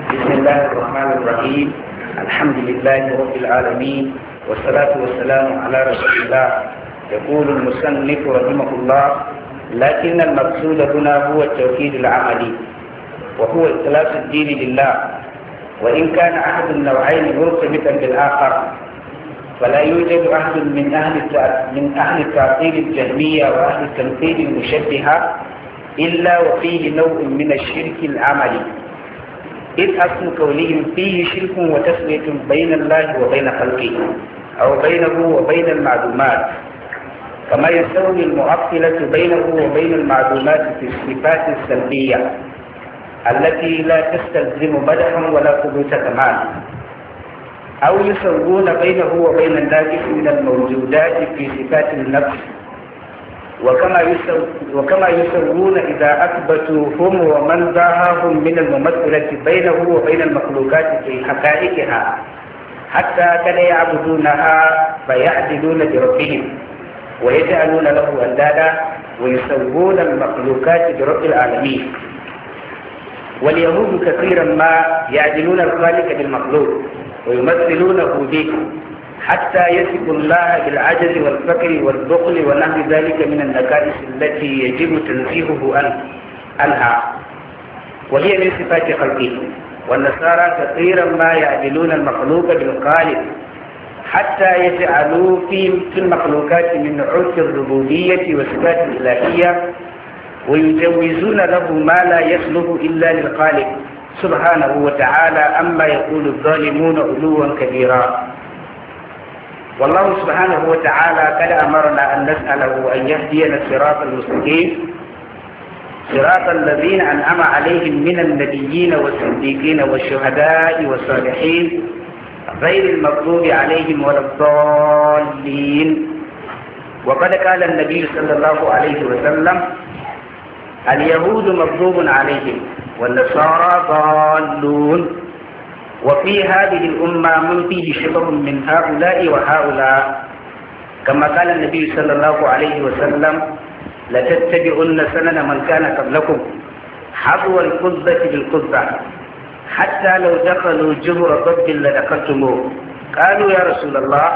بسم الله الرحمن الرحيم الحمد لله رب العالمين والصلاة والسلام على رسول الله يقول المصنف رحمه الله لكن المقصود هنا هو التوحيد العملي وهو إخلاص الدين لله وإن كان أحد النوعين مرتبطا بالآخر فلا يوجد أحد من أهل من أهل التعطيل الجهمية وأهل التنقيد المشبهة إلا وفيه نوع من الشرك العملي إذ حكم كونهم فيه شرك وتسوية بين الله وبين خلقه أو بينه وبين المعلومات كما يستوي المعطلة بينه وبين المعلومات في الصفات السلبية التي لا تستلزم مدحا ولا ثبوت كمال أو يسوون بينه وبين الناس من الموجودات في صفات النفس وكما وكما يسرون إذا هم ومن داهاهم من الممثلة بينه وبين المخلوقات في حقائقها حتى كان يعبدونها فيعدلون بربهم ويجعلون له أندادا ويسوون المخلوقات برب العالمين واليهود كثيرا ما يعدلون الخالق بالمخلوق ويمثلونه به حتى يثق الله بالعجز والفقر والبخل ونحو ذلك من النكائس التي يجب تنزيهه عنها وهي من صفات خلقه والنصارى كثيرا ما يعدلون المخلوق بالخالق حتى يجعلوا في المخلوقات من عرف الربوبية والصفات الإلهية ويجوزون له ما لا يخلق إلا للخالق سبحانه وتعالى أما يقول الظالمون علوا كبيرا والله سبحانه وتعالى قد أمرنا أن نسأله أن يهدينا الصراط المستقيم صراط الذين أنعم عليهم من النبيين والصديقين والشهداء والصالحين غير المغضوب عليهم ولا الضالين وقد قال النبي صلى الله عليه وسلم اليهود مغضوب عليهم والنصارى ضالون وفي هذه الأمة من فيه شبر من هؤلاء وهؤلاء كما قال النبي صلى الله عليه وسلم لتتبعن سنن من كان قبلكم حظو القذة بالقذة حتى لو دخلوا جبر ضب لدخلتموه قالوا يا رسول الله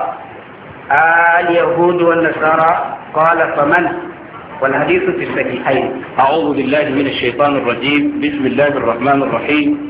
اليهود والنصارى قال فمن والحديث في الصحيحين أعوذ بالله من الشيطان الرجيم بسم الله الرحمن الرحيم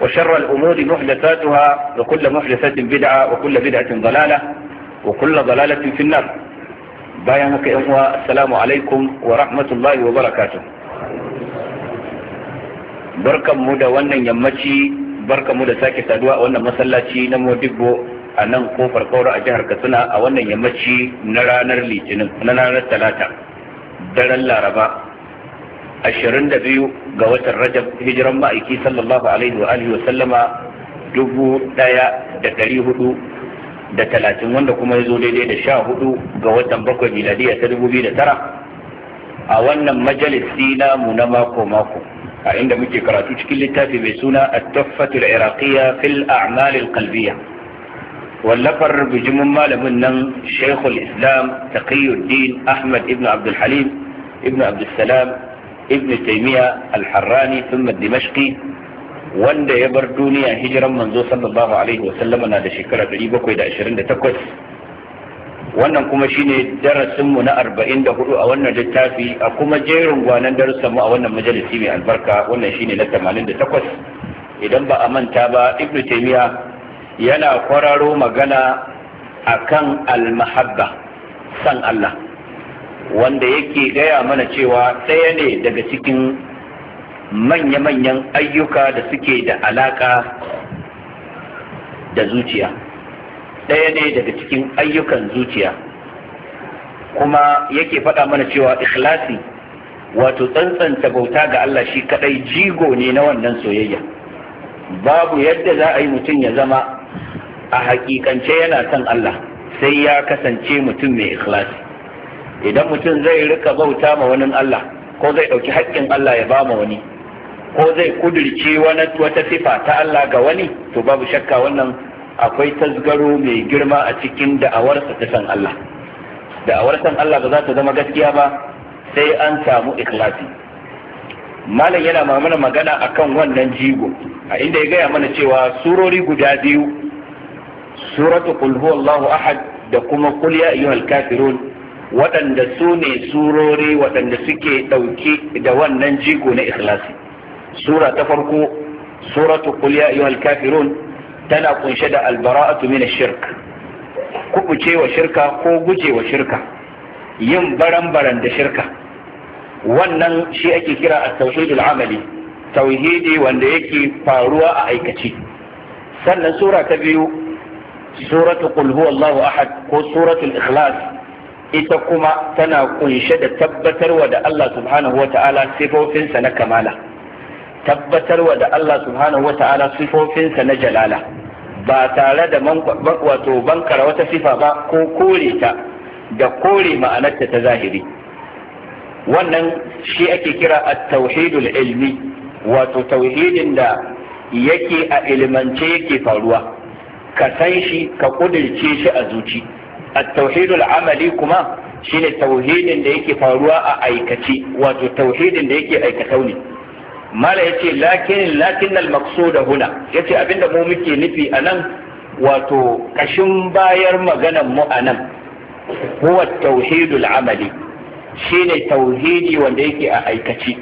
وشر الأمور محدثاتها وكل محدثة بدعة وكل بدعة ضلالة وكل ضلالة في النار بايعك إخوة السلام عليكم ورحمة الله وبركاته بركة مدى وانا يمشي بركة مدى ساكي سادواء وانا مسلاتي نمو دبو أنا كوفر كورا أجهر كسنا وانا يمشي نرى نرلي جنم نرى نرى ثلاثة درى الرباء ashirin da biyu ga watan rajab hijiran ma'aiki sallallahu alaihi wa alihi wa sallama dubu daya da dari hudu da talatin wanda kuma ya zo daidai da sha hudu ga watan bakwai miladiya ta dubu biyu da tara a wannan majalisi namu na mako mako a inda muke karatu cikin littafi mai suna at-tuffatul iraqiyya fil a'mal al-qalbiyya wallafar bijimin malamin nan shaykhul islam taqiyuddin ahmad ibn abdul halim ibn abdul salam ibn taymiya al-harrani thumma dimashqi wanda ya bar duniya hijiran manzo sallallahu alaihi wa sallam na da shekara 728 wannan kuma shine darasin mu na 44 a wannan littafi a kuma jerin gwanan darussanmu a wannan majalisi mai albarka wannan shine na 88 idan ba a manta ba ibn taymiya yana kwararo magana akan al-mahabba san Allah wanda yake gaya mana cewa ɗaya ne daga cikin manya-manyan ayyuka da suke da alaƙa da zuciya ɗaya ne daga cikin ayyukan zuciya kuma yake faɗa mana cewa ikhlasi wato tsantsanta bauta ga Allah shi kaɗai jigo ne na wannan soyayya babu yadda za a yi mutum ya zama a hakikance yana son Allah sai ya kasance mutum mai ikhlasi idan mutum zai rika bauta ma wani Allah ko zai ɗauki haƙƙin Allah ya ba ma wani ko zai kudirce wata sifa ta Allah ga wani to babu shakka wannan akwai tasgaro mai girma a cikin da'awarsa ta san Allah da'awar san Allah ba za ta zama gaskiya ba sai an samu ikhlasi malam yana mana magana akan wannan jigo a inda ya gaya mana cewa surori guda biyu suratu qul huwallahu ahad da kuma qul ya ayyuhal kafirun waɗanda su ne surori waɗanda suke ɗauke da wannan jigo na ikhlasi sura ta farko suratu qul ya ayyuhal kafirun tana kunshe da albara'atu min shirk kubuce wa shirka ko guje wa shirka yin baran-baran da shirka wannan shi ake kira at-tauhidul amali tauhidi wanda yake faruwa a aikace sannan sura ta biyu suratu qul huwallahu ahad ko suratul ikhlas ita kuma tana kunshe da tabbatarwa da Allah subhanahu wata'ala sifofinsa na kamala tabbatarwa da Allah subhanahu wata'ala sifofinsa na jalala ba tare da wato bankara wata sifa ba ko kore ta da kore ma'anarta ta zahiri wannan shi ake kira a tauhidul ilmi wato tauhidin da yake a ilimance yake faruwa ka san shi ka kudirce shi a zuci at-tauhidul kuma shine tauhidin da yake faruwa a aikace wato tauhidin da yake aikatau ne mala yace lakin lakin al-maqsuda huna yace abinda mu muke nufi anan wato kashin bayar maganan mu anan huwa tauhidul amali shine tauhidi wanda yake a aikace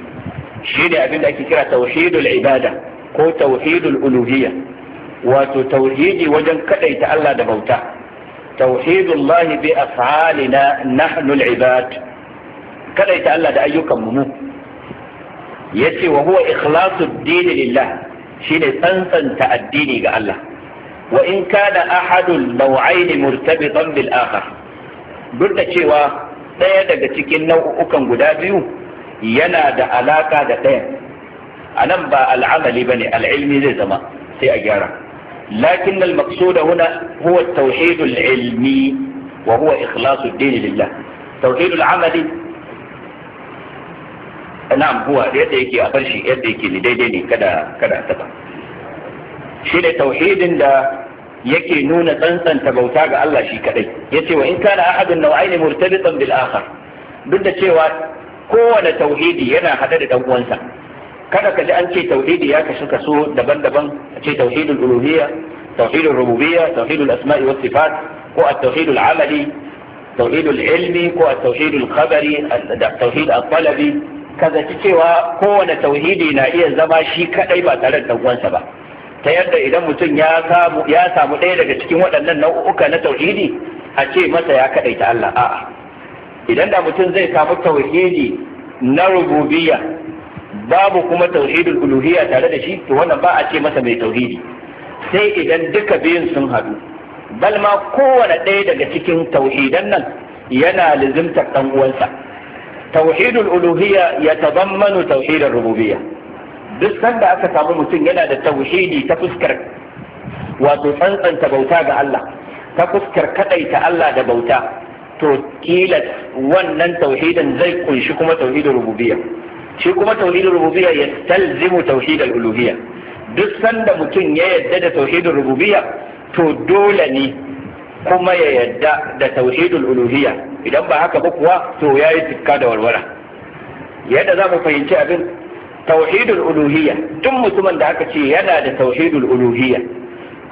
shine abinda ake kira tauhidul ibada ko tauhidul uluhiyya wato tauhidi wajen kadaita Allah da bauta توحيد الله بأفعالنا نحن العباد كذا يتألى دا أيكم ممو يتي وهو إخلاص الدين لله شين تنسن تأديني قال الله وإن كان أحد النوعين مرتبطا بالآخر duk da cewa ɗaya daga cikin nau'ukan guda biyu yana da alaka da ɗaya a nan ba al'amali ba ne al'ilmi zai zama sai a gyara لكن المقصود هنا هو التوحيد العلمي وهو إخلاص الدين لله توحيد العملي نعم هو يديك أقل شيء يديك لديني كذا كذا تبع شيء توحيد لا يكي نون تنسى أن تبوتاك الله شيء كذي يتي وإن كان أحد النوعين مرتبطا بالآخر بدأ شيء كون توحيدي أنا حدد أبوانسا kada ka ji an ce tauhidi ya kashi kaso daban-daban a ce tauhidul uluhiyya tauhidul rububiyya tauhidul asma'i was sifat ko at-tauhidul amali tauhidul ilmi ko at-tauhidul khabari tauhid al talabi kaza ci cewa kowane tauhidi na iya zama shi kadai ba tare da uwansa ba ta yadda idan mutum ya samu ya samu ɗaya daga cikin waɗannan nau'uka na tauhidi a ce masa ya kadai ta Allah a'a idan da mutum zai samu tauhidi na rububiyya babu kuma tauhidul uluhiyya tare da shi to wannan ba a ce masa mai tauhidi sai idan duka biyun sun haɗu bal ma kowane ɗaya daga cikin tauhidan nan yana lizimtar ɗan uwansa tauhidul uluhiyya ya tabammanu tauhidar rububiyya duk sanda aka samu mutum yana da tauhidi ta fuskar wato tsantsanta bauta ga Allah ta fuskar kadaita Allah da bauta to kilas wannan tauhidin zai kunshi kuma tauhidin rububiyya shi kuma tauhidin rububiyya ya talzimu tauhidul uluhiyya duk sanda mutum ya yadda da tauhidin rububiyya to dole ne kuma ya yadda da tauhidul uluhiyya idan ba haka ba kuwa to yayi tikka da warwara yadda za mu fahimci abin tauhidul uluhiyya duk mutumin da aka ce yana da tauhidul uluhiyya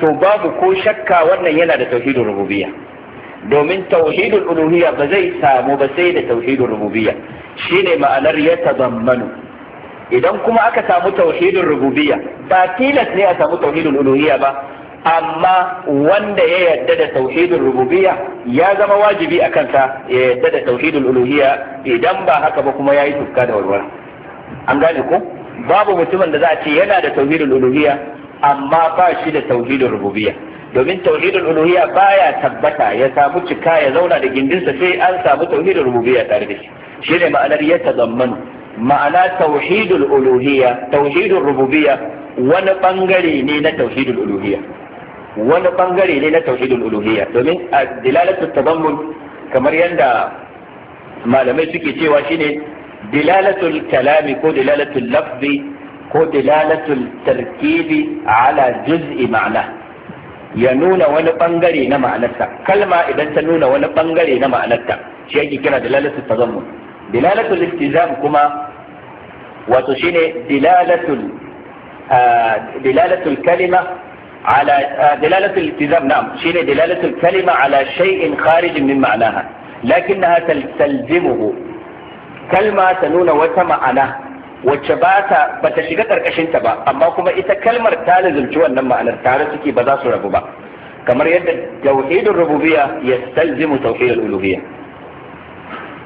to babu ko shakka wannan yana da tauhidul rububiyya domin tauhidul uluhiyya ba zai samu ba sai da tauhidul rububiyya Shi ne ma'anar ya tazammanu idan kuma aka samu tauhidin rububiyya ba tilas ne a samu tauhidin uluhiyya ba amma wanda ya yarda da tauhidin rububiyya ya zama wajibi a kansa ya yarda da tauhidin uluhiyya idan ba haka ba kuma ya yi tufka da warwara an gane ko babu mutumin da za a ce yana da tauhidin uluhiyya amma ba shi da tauhidin rububiyya domin tauhidin uluhiyya baya tabbata ya samu cika ya zauna da gindinsa sai an samu tauhidin rububiyya tare da shi shine ma'anar ya tazamman ma'ana tauhidul uluhiya tauhidul rububiyya wani bangare ne na tauhidul uluhiya wani bangare ne na tauhidul uluhiya domin a dilalatu tazammun kamar yadda malamai suke cewa shine dilalatul kalami ko dilalatul lafzi ko dilalatul tarkibi ala juz'i ma'ana ya nuna wani bangare na ma'anarsa kalma idan ta nuna wani bangare na ma'anarta shi yake kira dilalatul tazammun dilalatul iltizam kuma wato shine dilalatul dilalatul kalima على دلالة الالتزام نعم شين دلالة الكلمة على شيء خارج من معناها لكنها تلزمه wacce ba ta ba shiga karkashinta ba amma kuma ita kalmar ta lazumci wannan ma'anar tare suke ba za su rabu ba kamar yadda tauhidul rububiyya yastalzimu tauhidul uluhiyya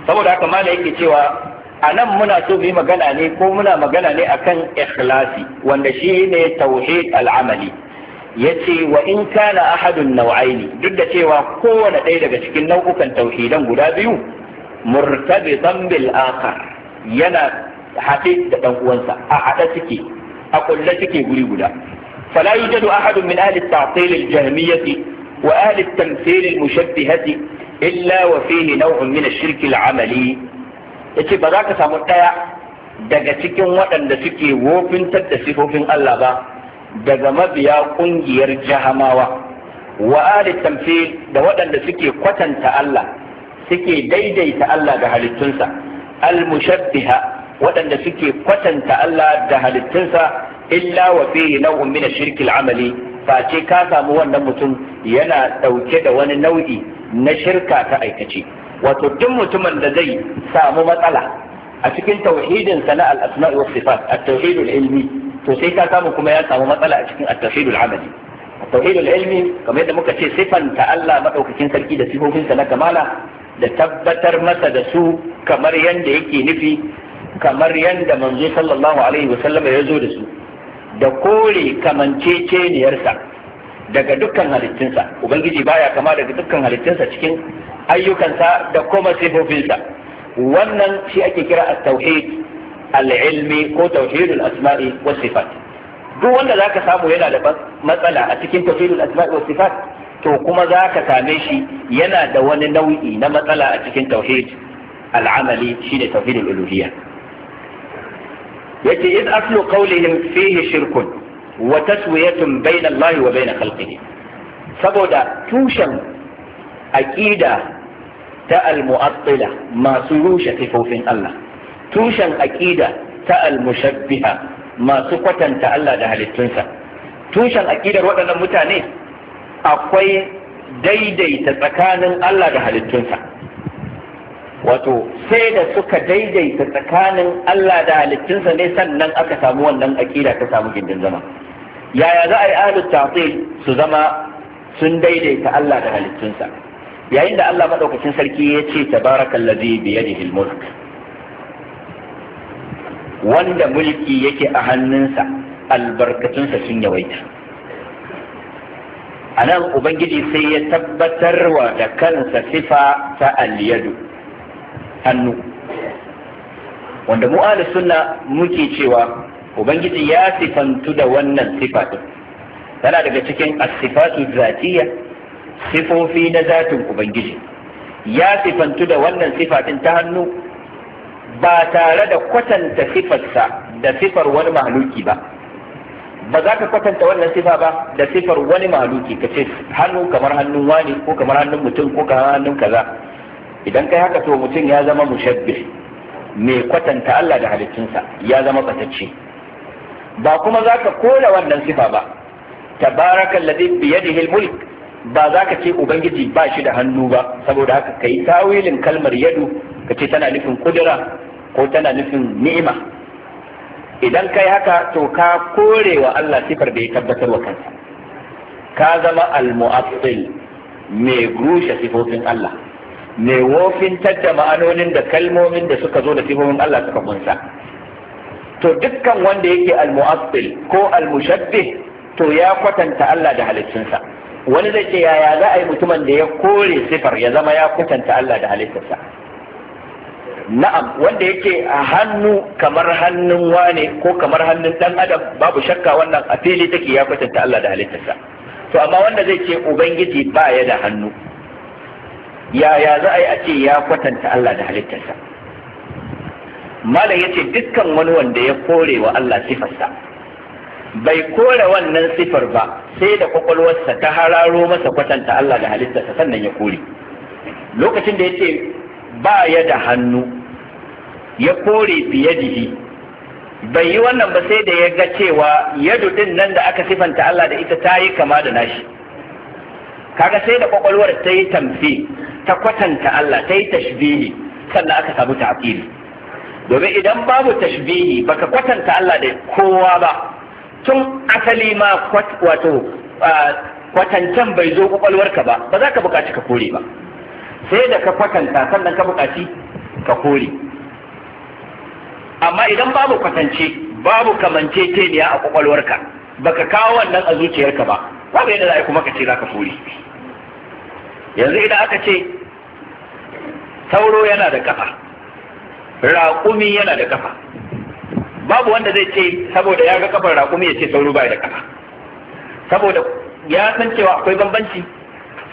saboda haka mala yake cewa a nan muna so mu magana ne ko muna magana ne akan ikhlasi wanda shi ne tauhid al'amali ce wa in kana ahadun nau'aini duk da cewa kowane ɗaya daga cikin nau'ukan tauhidan guda biyu murtabi bil akhar yana haɗe da ɗan uwansa a haɗe suke a kulle suke guri guda فلا يوجد أحد من أهل التعطيل الجهمية وأهل التمثيل المشبهة illa wa fihi nau'un min ash-shirk al-amali yace ba za ka samu ɗaya. daga cikin waɗanda suke wofintar da sifofin Allah ba daga mabiya ƙungiyar jahamawa wa ali da waɗanda suke kwatanta Allah suke daidaita Allah da halittunsa al-mushabbiha waɗanda suke kwatanta Allah da halittunsa illa wa fihi nau'un min ash amali face ka samu wannan mutum yana ɗauke da wani nau'i na shirka ta aikace wato duk mutumin da zai samu matsala a cikin tauhidin sana al-asma wa sifat at-tauhid al-ilmi to sai ka samu kuma ya samu matsala a cikin at-tauhid al-amali at-tauhid al-ilmi kamar yadda muka ce sifanta Allah madaukakin sarki da sifofinsa na kamala da tabbatar masa da su kamar yadda yake nufi kamar yadda manzo sallallahu alaihi wasallam ya zo da su da kore kamanceceniyarsa daga dukkan halittinsa ubangiji baya kama daga dukkan halittinsa cikin ayyukansa da kuma sifofinsa wannan shi ake kira at-tauhid al-ilmi ko tauhidul asma'i was sifat duk wanda zaka samu yana da matsala a cikin tauhidul asma'i was sifat to kuma zaka same shi yana da wani nau'i na matsala a cikin tauhid al-amali shine tauhidul uluhiyya yace iz aslu qawlihim fihi shirkun wa taswiyatun bayna Allah wa bayna khalqihi saboda tushen aqida ta al-mu'attila masu rushe sifofin Allah tushen aqida ta al-mushabbiha masu kwatanta Allah da halittunsa tushen aqidar waɗannan mutane akwai daidaita tsakanin Allah da halittunsa wato sai da suka daidaita tsakanin Allah da halittunsa ne sannan aka samu wannan aƙida ta samu gindin zama yaya za a yi ahlul ta'til su zama sun daidaita Allah da halittunsa yayin da Allah maɗaukacin sarki ya ce tabarakallazi bi yadihi mulk wanda mulki yake a hannunsa albarkatunsa sun yawaita a nan ubangiji sai ya tabbatarwa da kansa sifa ta aliyadu hannu wanda mu suna muke cewa ubangiji ya sifantu da wannan sifatun, tana daga cikin asifatu zatiya sifofi na zatin ubangiji ya sifantu da wannan sifatun ta hannu ba tare da kwatanta sifarsa da sifar wani mahaluki ba ba za ka kwatanta wannan sifa ba da sifar wani mahaluki ka ce hannu kamar hannun wani ko kamar hannun mutum ko kamar hannun kaza idan kai haka to mutum ya zama mushabbih mai kwatanta Allah da halittunsa ya zama batacce ba kuma za ka kora wannan sifa ba ta baraka bi yadihi da mulk ba za ka ce ubangiji ba shi da hannu ba saboda haka ka yi tawilin kalmar yadu ka ce tana nufin kudura ko tana nufin ni'ima idan kai haka to ka kore wa Allah sifar da ya tabbatar wa kansa ka zama al-mu'assil mai gushe sifofin Allah mai wofin da ma'anonin da kalmomin da suka zo da sifofin Allah suka kunsa to dukkan wanda yake al-mu'assil ko al-mushabbih to ya kwatanta Allah da halittunsa wani zai ce yaya za a yi mutumin da ya kore sifar ya zama ya kwatanta Allah da halittarsa na'am wanda yake a hannu kamar hannun wane ko kamar hannun dan adam babu shakka wannan a fili take ya kwatanta Allah da halittarsa to amma wanda zai ce ubangiji ba ya da hannu yaya za a yi a ce ya kwatanta Allah da halittarsa malam yace dukkan wani wanda ya kore wa Allah sifarsa bai kore wannan sifar ba sai da kwakwalwarsa ta hararo masa kwatanta Allah da halittarsa sannan ya kore lokacin da yace ba ya da hannu ya kore fiye biyadihi bai yi wannan ba sai da ya ga cewa yadu din nan da aka sifanta Allah da ita ta yi kama da nashi kaga sai da kwakwalwar ta yi tamfi ta kwatanta Allah ta yi tashbihi sannan aka samu ta'qili domin idan babu tashbihi baka kwatanta Allah da kowa ba tun asali ma wato kwatancan bai zo kwakwalwarka ba ba za ka buƙaci ka kore ba sai da ka kwatanta sannan ka buƙaci ka kore amma idan babu kwatance babu kamance kamanceceniya a kwakwalwarka baka kawo wannan a zuciyarka ba babu yadda za a yi kuma ka ce za ka kore yanzu idan aka ce sauro yana da kafa raƙumi yana da kafa babu wanda zai ce saboda ya ga kafar raƙumi ya ce sauro bai da kafa saboda ya san cewa akwai bambanci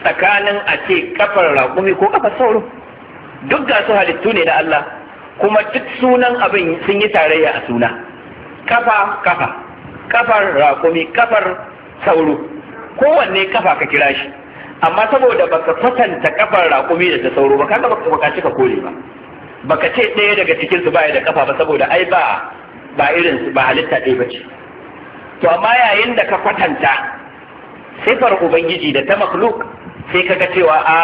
tsakanin a ce kafar raƙumi ko kafar sauro duk ga su halittu ne da Allah kuma duk sunan abin sun yi tarayya a suna kafa kafa kafar raƙumi kafar sauro kowanne kafa ka kira shi amma saboda baka kwatanta kafar raƙumi da ta sauro ba kaga baka ka kore ba baka ce ɗaya daga cikin su baya da kafa ba saboda ai ba ba irin su ba halitta ɗaya bace to amma yayin da ka kwatanta sifar ubangiji da ta makhluk sai ga cewa a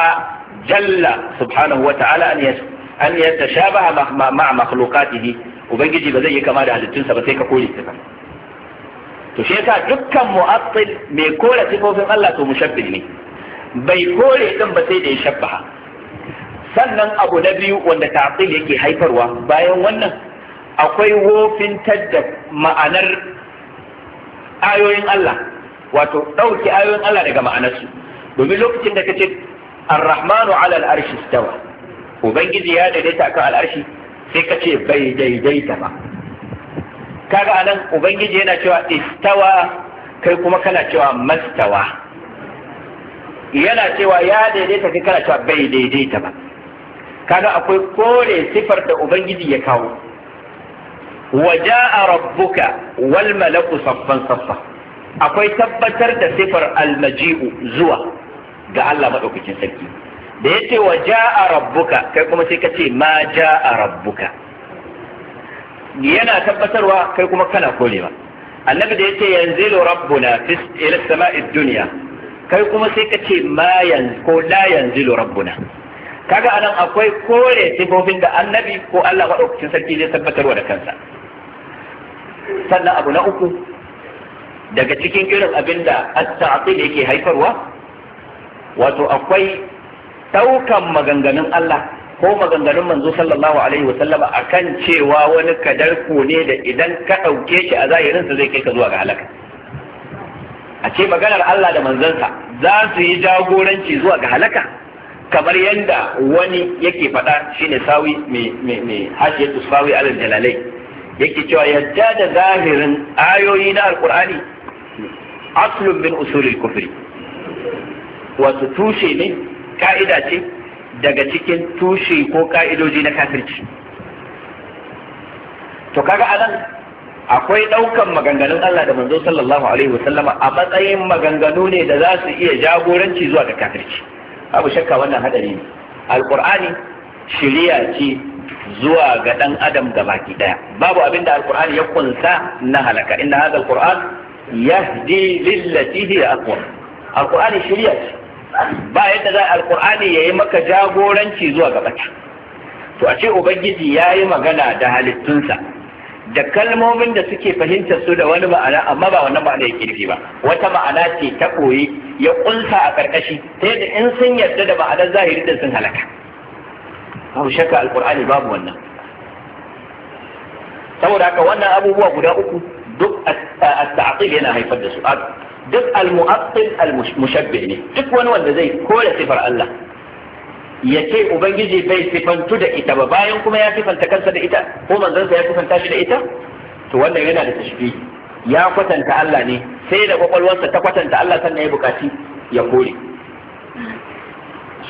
jalla subhanahu wa ta'ala an yasu an yatashabaha ma'a makhluqatihi ubangiji ba zai yi kama da halittunsa ba sai ka kore sifar to shi yasa dukkan mu'attil mai kore sifofin Allah to mushabbih ne bai kore din ba sai da ya shabbaha sannan abu na biyu wanda ta'til yake haifarwa bayan wannan akwai wofin tadda ma'anar ayoyin Allah wato ɗauki ayoyin Allah daga ma'anarsu domin lokacin da kace ar-rahmanu ala al-arshi stawa ubangiji ya daidaita akan al-arshi sai kace bai daidaita ba kaga anan ubangiji yana cewa istawa kai kuma kana cewa mastawa yana cewa ya daidaita kai kana cewa bai daidaita ba kaga akwai kore sifar da ubangiji ya kawo wa ja'a rabbuka wal malaku saffan saffa akwai tabbatar da sifar almaji'u zuwa ga Allah madaukakin sarki da yace wa ja'a rabbuka kai kuma sai kace ma ja'a rabbuka yana tabbatarwa kai kuma kana korewa annabi da yace yanzilu rabbuna ila sama'id dunya kai kuma sai kace ma yanzu ko la yanzilu rabbuna kaga anan akwai kore sifofin da annabi ko Allah maɗaukacin sarki zai tabbatarwa da kansa sannan abu na uku daga cikin irin abin da at-ta'til yake haifarwa wato akwai ɗaukan maganganun Allah ko maganganun manzo sallallahu alaihi wa sallama akan cewa wani kadar ku ne da idan ka ɗauke shi a zahirinsa zai kai ka zuwa ga halaka a ce maganar Allah da manzansa za su yi jagoranci zuwa ga halaka kamar yadda wani yake faɗa shine sawi mai hajjiyatu sawi alal jalalai yake cewa yadda da zahirin ayoyi na alkur'ani aslun min usulil kufri wato tushe ne ka'ida ce daga cikin tushe ko ka'idoji na kafirci to kaga anan akwai ɗaukan maganganun Allah da manzo sallallahu alaihi wasallama a matsayin maganganu ne da za su iya jagoranci zuwa ga kafirci abu shakka wannan hadari ne alqur'ani shirya ce zuwa ga dan adam gabaki daya babu abin da alqur'ani ya kunsa na halaka inna hadha alqur'an yahdi lillati hiya aqwa alqur'ani shirya ce ba yadda za ya yi maka jagoranci zuwa ga baki to a ce ubangiji yayi magana da halittunsa da kalmomin da suke fahimtar su da wani ma'ana amma ba wannan ma'ana ya kirfi ba wata ma'ana ce ta koyi ya kunsa a karkashi sai da in sun yarda da ma'anar zahiri da sun halaka babu shakka alqur'ani babu wannan saboda haka wannan abubuwa guda uku duk at-ta'til yana haifar da su duk al-mu'attil al-mushabbih ne duk wani wanda zai kore sifar Allah ya ce ubangiji bai sifantu da ita ba bayan kuma ya sifanta kansa da ita ko manzansa ya sifanta shi da ita to wannan yana da tashbihi ya kwatanta Allah ne sai da kwakwalwarsa ta kwatanta Allah sannan ya bukaci ya kore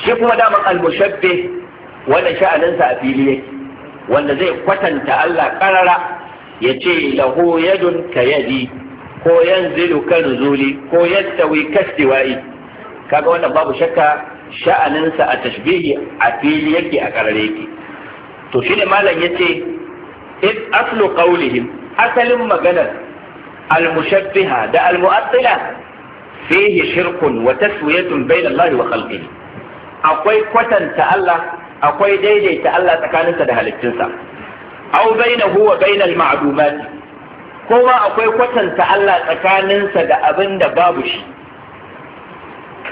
shi kuma daman al-mushabbih wannan sha'aninsa a fili yake wanda zai kwatanta Allah karara ya ce lahu yadun ka ko yanzilu ka ko yastawi kastiwa'i kaga wannan babu shakka sha'aninsa a tashbihi a fili yake a karare yake to shine malam yace id aslu qawlihim asalin maganar al-mushabbiha da al-mu'attila fihi shirkun wa taswiyatun bayna Allah wa khalqihi akwai kwatanta Allah akwai daidaita Allah tsakaninsa da halittunsa aw bainahu wa bainal ma'dumat kuma akwai kwatanta Allah tsakaninsa da abin da babu shi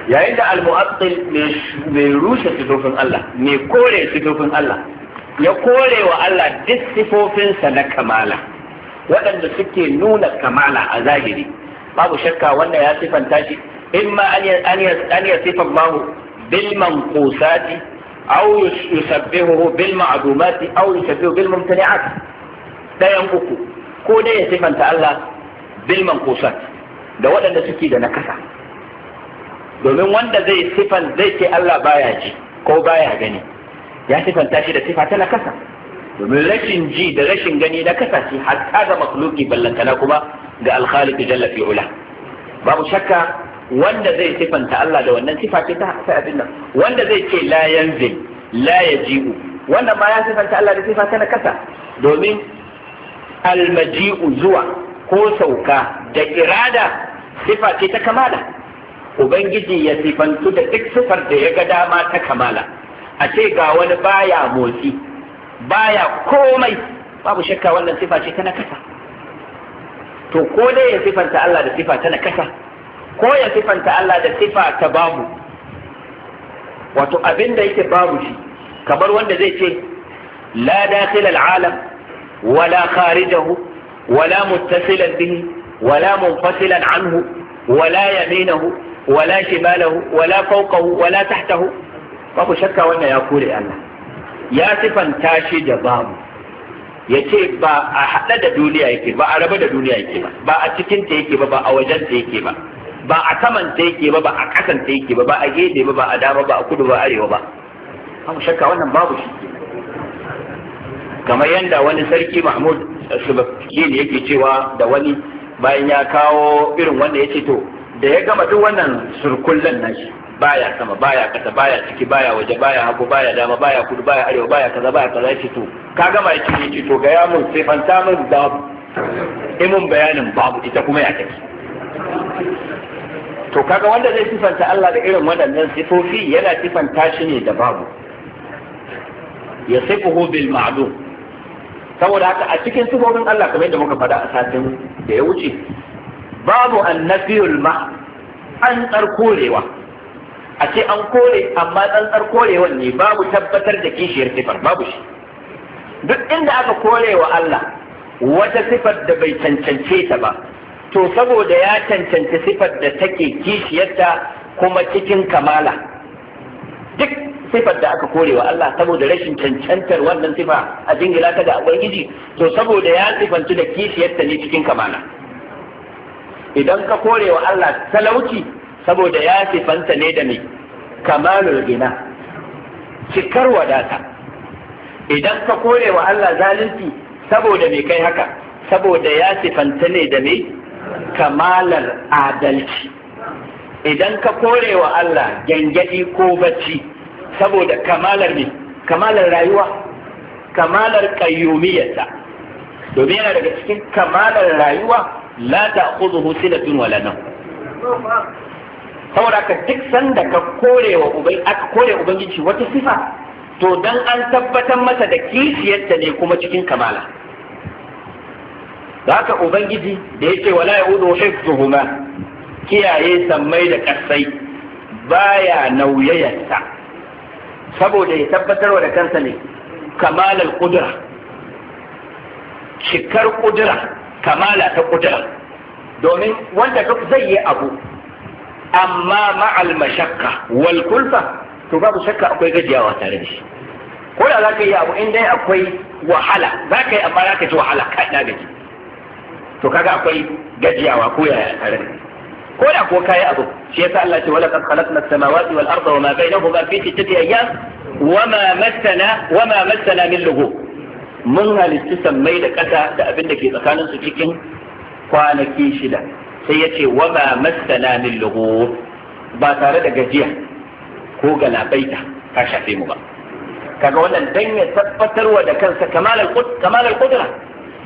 yayin da al mai rushe sifofin Allah mai kore sifofin Allah ya kore wa Allah duk sifofinsa na kamala waɗanda suke nuna kamala a zahiri babu shakka wannan ya sifanta shi ma an ya sifa Allah bil manqusati aw yusabbihu bil ma'dumati aw yusabbihu bil mumtani'at dayan uku ko dai ya sifanta Allah bil manqusat da waɗanda suke da nakasa domin wanda zai sifan zai ce Allah baya ji ko baya gani ya sifanta shi da sifa ta nakasa domin rashin ji da rashin gani na kasa ce hatta ga makhluki ballantana kuma ga alkhaliq jalla fi ula babu shakka wanda zai sifanta Allah da wannan sifa ce ta abin nan wanda zai ce la yanzil la yaji'u wannan ma ya sifanta Allah da sifa ta nakasa domin almaji'u zuwa ko sauka da irada sifa ce ta kamala ubangiji ya sifantu da duk sifar da ya ga dama ta kamala a ce ga wani baya motsi baya komai babu shakka wannan sifa ce ta nakasa to ko dai ya sifanta Allah da sifa ta nakasa ko ya sifanta Allah da sifa ta babu wato abin da yake babu shi kamar wanda zai ce la dakhil al-alam wala kharijahu wala muttasilan bihi wala munfasilan anhu wala yaminahu wala shimalahu wala fawqahu wala tahtahu babu shakka wannan ya kore Allah ya sifanta shi da babu ya ce ba a haɗa da duniya yake ba a raba da duniya yake ba ba a cikin ta yake ba ba a wajen ta yake ba ba a saman ta yake ba ba a ta yake ba ba a gefe ba ba a dama ba a kudu ba arewa ba babu shakka wannan babu shi kamar yadda wani sarki mahmud subakini yake cewa da wani bayan ya kawo irin wanda ya ce to da ya gama duk wannan surkullan nashi baya sama baya kasa baya ciki baya waje baya hagu baya dama baya kudu baya arewa baya kaza baya kaza yace to ka gama yace yace to ga mun sai fanta samu da imun bayanin babu ita kuma ya take to kaga wanda zai sifanta Allah da irin waɗannan sifofi yana sifanta shi ne da babu ya sifuhu bil ma'dum saboda haka a cikin sifofin Allah kamar yadda muka faɗa a satin da ya wuce babu annafiyul ma an tsarkorewa a ce an kore amma ɗan korewan ne babu tabbatar da kishiyar sifar babu shi duk inda aka kore wa Allah wata sifar da bai cancance ta ba to saboda ya cancanci sifar da take kishiyarta kuma cikin kamala duk sifar da aka kore wa Allah saboda rashin cancantar wannan sifa a jingila ta ga ubangiji to saboda ya sifantu da kishiyarta ne cikin kamala idan ka kore wa Allah talauci saboda ya sifanta ne da mai kamalul gina cikar wadata idan ka kore wa Allah zalunci saboda mai kai haka saboda ya sifanta ne da mai kamalar adalci idan ka kore wa Allah gyangyaɗi ko bacci saboda kamalar ne kamalar rayuwa kamalar ƙayyumiyarsa domin yana daga cikin kamalar rayuwa la ta'khudhuhu sinatun wala nan. saboda ka duk sanda ka kore wa aka kore ubangiji wata sifa to dan an tabbatar masa da kishiyarta ne kuma cikin kamala da haka ubangiji da yake wala ya ya'udu hifzuhuma kiyaye sammai da kasai baya nauyayarsa saboda ya tabbatar wa da kansa ne kamalar kudura cikar kudura kamala ta kudura domin wanda duk zai yi abu amma ma'al mashakka wal kulfa to babu shakka akwai gajiyawa tare da shi ko da za ka yi abu in dai akwai wahala za ka yi amma za ka ji wahala kai na gaji to kaga akwai gajiyawa ko ya tare da ko da ko kai abu shi yasa Allah ce walaqad khalaqna as-samawati wal arda wa ma bainahuma fi sittati ayyam wa ma massana wa ma massana min lughub mun halitti sammai da ƙasa da abin da ke tsakanin su cikin kwanaki shida sai ya ce wa ba masana min lugu ba tare da gajiya ko galabaita ka shafe mu ba kaga wannan dan ya tabbatarwa da kansa kamalar kamalar kudura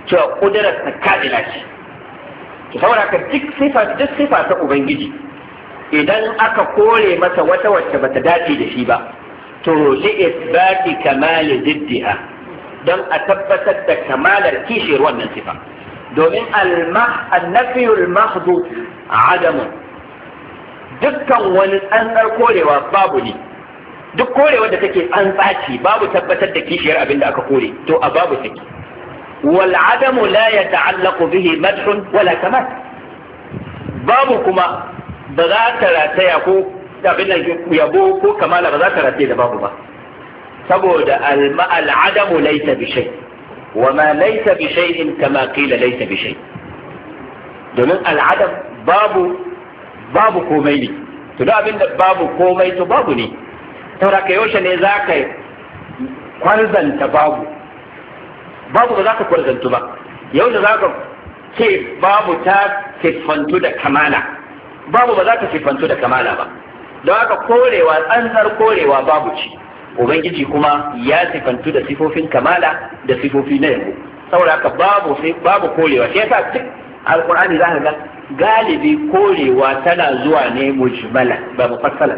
to kudurar ta kadila ce to saboda ka duk sifa duk sifa ta ubangiji idan aka kore masa wata wacce bata dace da shi ba to li isbati kamali diddiha don a tabbatar da kamalar kishiyar wannan sifa domin annafiyul mahdu adamun dukkan wani tsantsar korewa babu ne duk korewar da take tsantsaci babu tabbatar da kishiyar abin da aka kore to a babu take wal adamu la yata'allaqu bihi madhun wala kamal babu kuma ba za ta rataya ko abin da yabo ko kamala ba za ta rataya da babu ba saboda al'adamu laita bishai wa ma laita bishai in kama kila laita bishai domin al'adam babu babu komai ne to da abin da babu komai to babu ne saboda ka yaushe ne za ka kwarzanta babu babu ba za ka kwarzantu ba yaushe za ka ce babu ta siffantu da kamala babu ba za ka siffantu da kamala ba don haka korewa tsantsar korewa babu ci ubangiji kuma ya sifantu da sifofin kamala da sifofi na yabo saboda haka babu babu korewa shi yasa duk alqur'ani za ka ga galibi korewa tana zuwa ne mujmala ba mufassala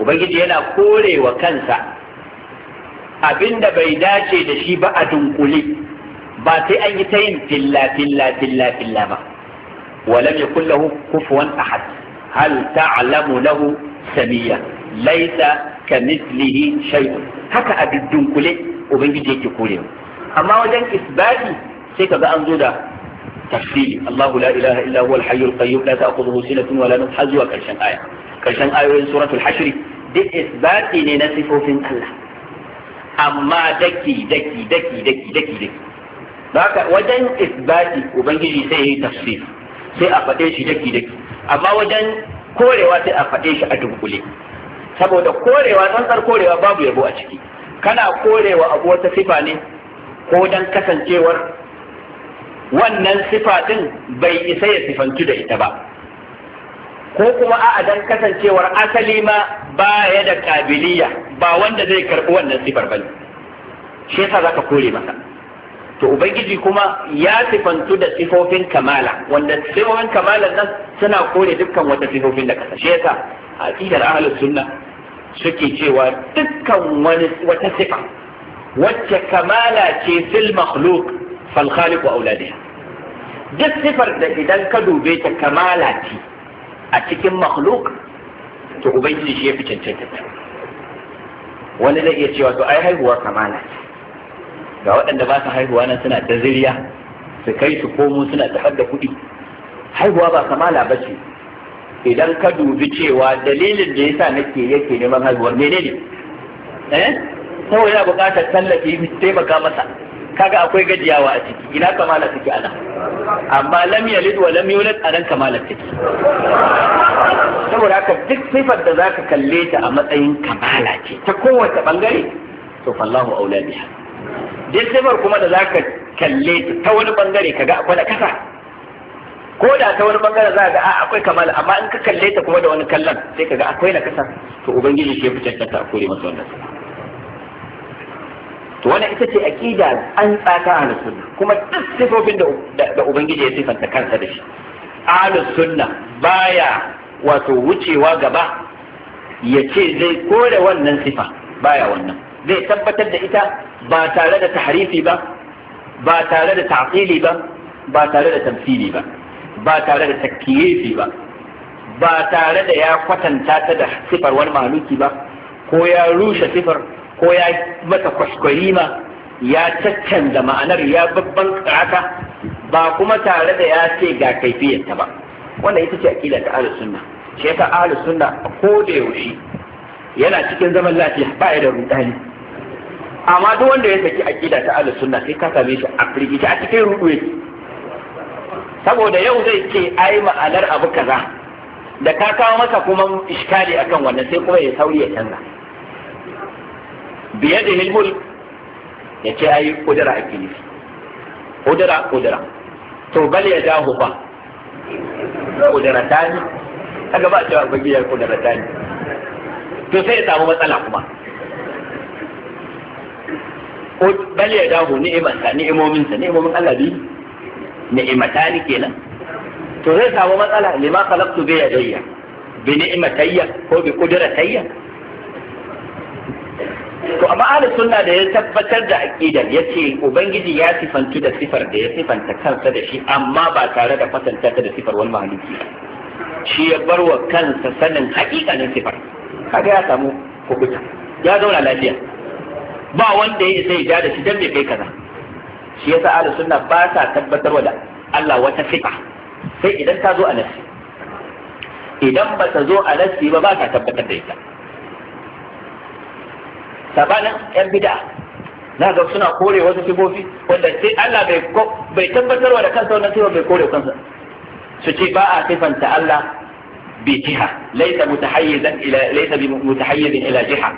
ubangiji yana korewa kansa abinda bai dace da shi ba a dunkule ba sai an yi ta yin filla filla filla filla ba walam ya lahu kufuwan ahad hal ta'lamu lahu samiyya laisa ka mislihi shay'un haka a dunkule ubangiji yake korewa amma wajen isbati sai kaga an zo da tafsiri Allahu la ilaha illa huwa al-hayyul qayyum la ta'khudhuhu sinatun wa la nawm hazwa karshen aya karshen ayoyin suratul hashr duk isbati ne na sifofin Allah amma daki daki daki daki daki daki haka wajen isbati ubangiji sai yayi tafsir sai a faɗe shi daki daki amma wajen korewa sai a faɗe shi a dunkule saboda korewa tsantsar korewa babu yabo a ciki kana korewa abu wata sifa ne ko dan kasancewar wannan sifa din bai isa ya sifantu da ita ba ko kuma a'a dan kasancewar asali ma baya da kabiliya ba wanda zai karbi wannan sifar bane shi yasa zaka kore masa to ubangiji kuma ya sifantu da sifofin kamala wanda sifofin kamala nan suna kore dukkan wata sifofin da kasa shi yasa aqidar ahlus sunna suke cewa dukkan wani wata sifa wacce kamala ce fil makhluq fal khaliq wa auladiha duk sifar da idan ka dube ta kamala ce a cikin makhluq to ubangiji shi ya fi cancanta wani zai iya cewa to ai haihuwa kamala ce ga waɗanda ba su haihuwa nan suna ta ziriya su kai su komo suna ta hadda kuɗi haihuwa ba kamala ba ce idan ka dubi cewa dalilin da yasa nake yake neman haihuwar menene eh saboda yana buƙatar tallafi taimaka masa kaga akwai gajiyawa a ciki ina kamala take ana amma lam yalid wa lam yulad anan kamala take saboda haka duk sifar da zaka kalle ta a matsayin kamala ce ta kowace bangare to fallahu aula biha duk sifar kuma da zaka kalle ta ta wani bangare kaga akwai na kasa ko da ta wani bangare za ga akwai kamala amma in ka kalle ta kuma da wani kallon sai ka ga akwai na kasa to ubangiji ke fi cancanta a kore masa wannan to wannan ita ce aqida an tsaka a sunna kuma duk sifofin da ubangiji ya sifanta kansa da shi ahlus sunna baya wato wucewa gaba ya ce zai kore wannan sifa baya wannan zai tabbatar da ita ba tare da tahrifi ba ba tare da ta'tili ba ba tare da tamsili ba ba tare da takkiyefi ba ba tare da ya kwatanta ta da sifar wani mahaluki ba ko ya rushe sifar ko ya mata ma ya caccanza ma'anar ya babban karata ba kuma tare da ya ce ga kaifiyarta ba wannan ita ce akida ta ahlus sunna shi yasa ahlus sunna ko da yaushe yana cikin zaman lafiya ba ya da rudani amma duk wanda ya saki akida ta ahlus sunna sai ka same shi a firgita a cikin rudu yake saboda yau zai ce ai ma'anar abu kaza da ka kawo masa kuma iskali akan wannan sai kuma ya sauri ya canza biye da hilmul ya ce ai kudura a nufi kudura kudura to bal ya dahu ba kudura Ta tani kaga ba cewa bagiyar kudura tani to sai ya samu matsala kuma bal ya dahu ni'imansa ni'imominsa ni'imomin Allah biyu ni'matani kenan to zai samu matsala lima khalaqtu bi yadayya bi ni'imatayya ko bi qudratayya to amma ahli sunna da ya tabbatar da aqidar yace ubangiji ya sifantu da sifar da ya sifanta kansa da shi amma ba tare da kwatanta ta da sifar wani mahalicci shi ya bar wa kansa sanin hakikanin sifar kaga ya samu kubuta ya zauna lafiya ba wanda ya isa ya ja da shi dan bai kai kaza shi yasa ahlus sunna ba ta tabbatar da Allah wata sifa sai idan ta zo a nafsi idan ba ta zo a nafsi ba ba ta tabbatar da ita sabanin yan bid'a na ga suna kore wasu sifofi wanda sai Allah bai bai tabbatar da kansa wannan sifa bai kore kansa su ce ba a sifanta Allah bi jiha laysa mutahayyizan ila laysa bi mutahayyizin ila jiha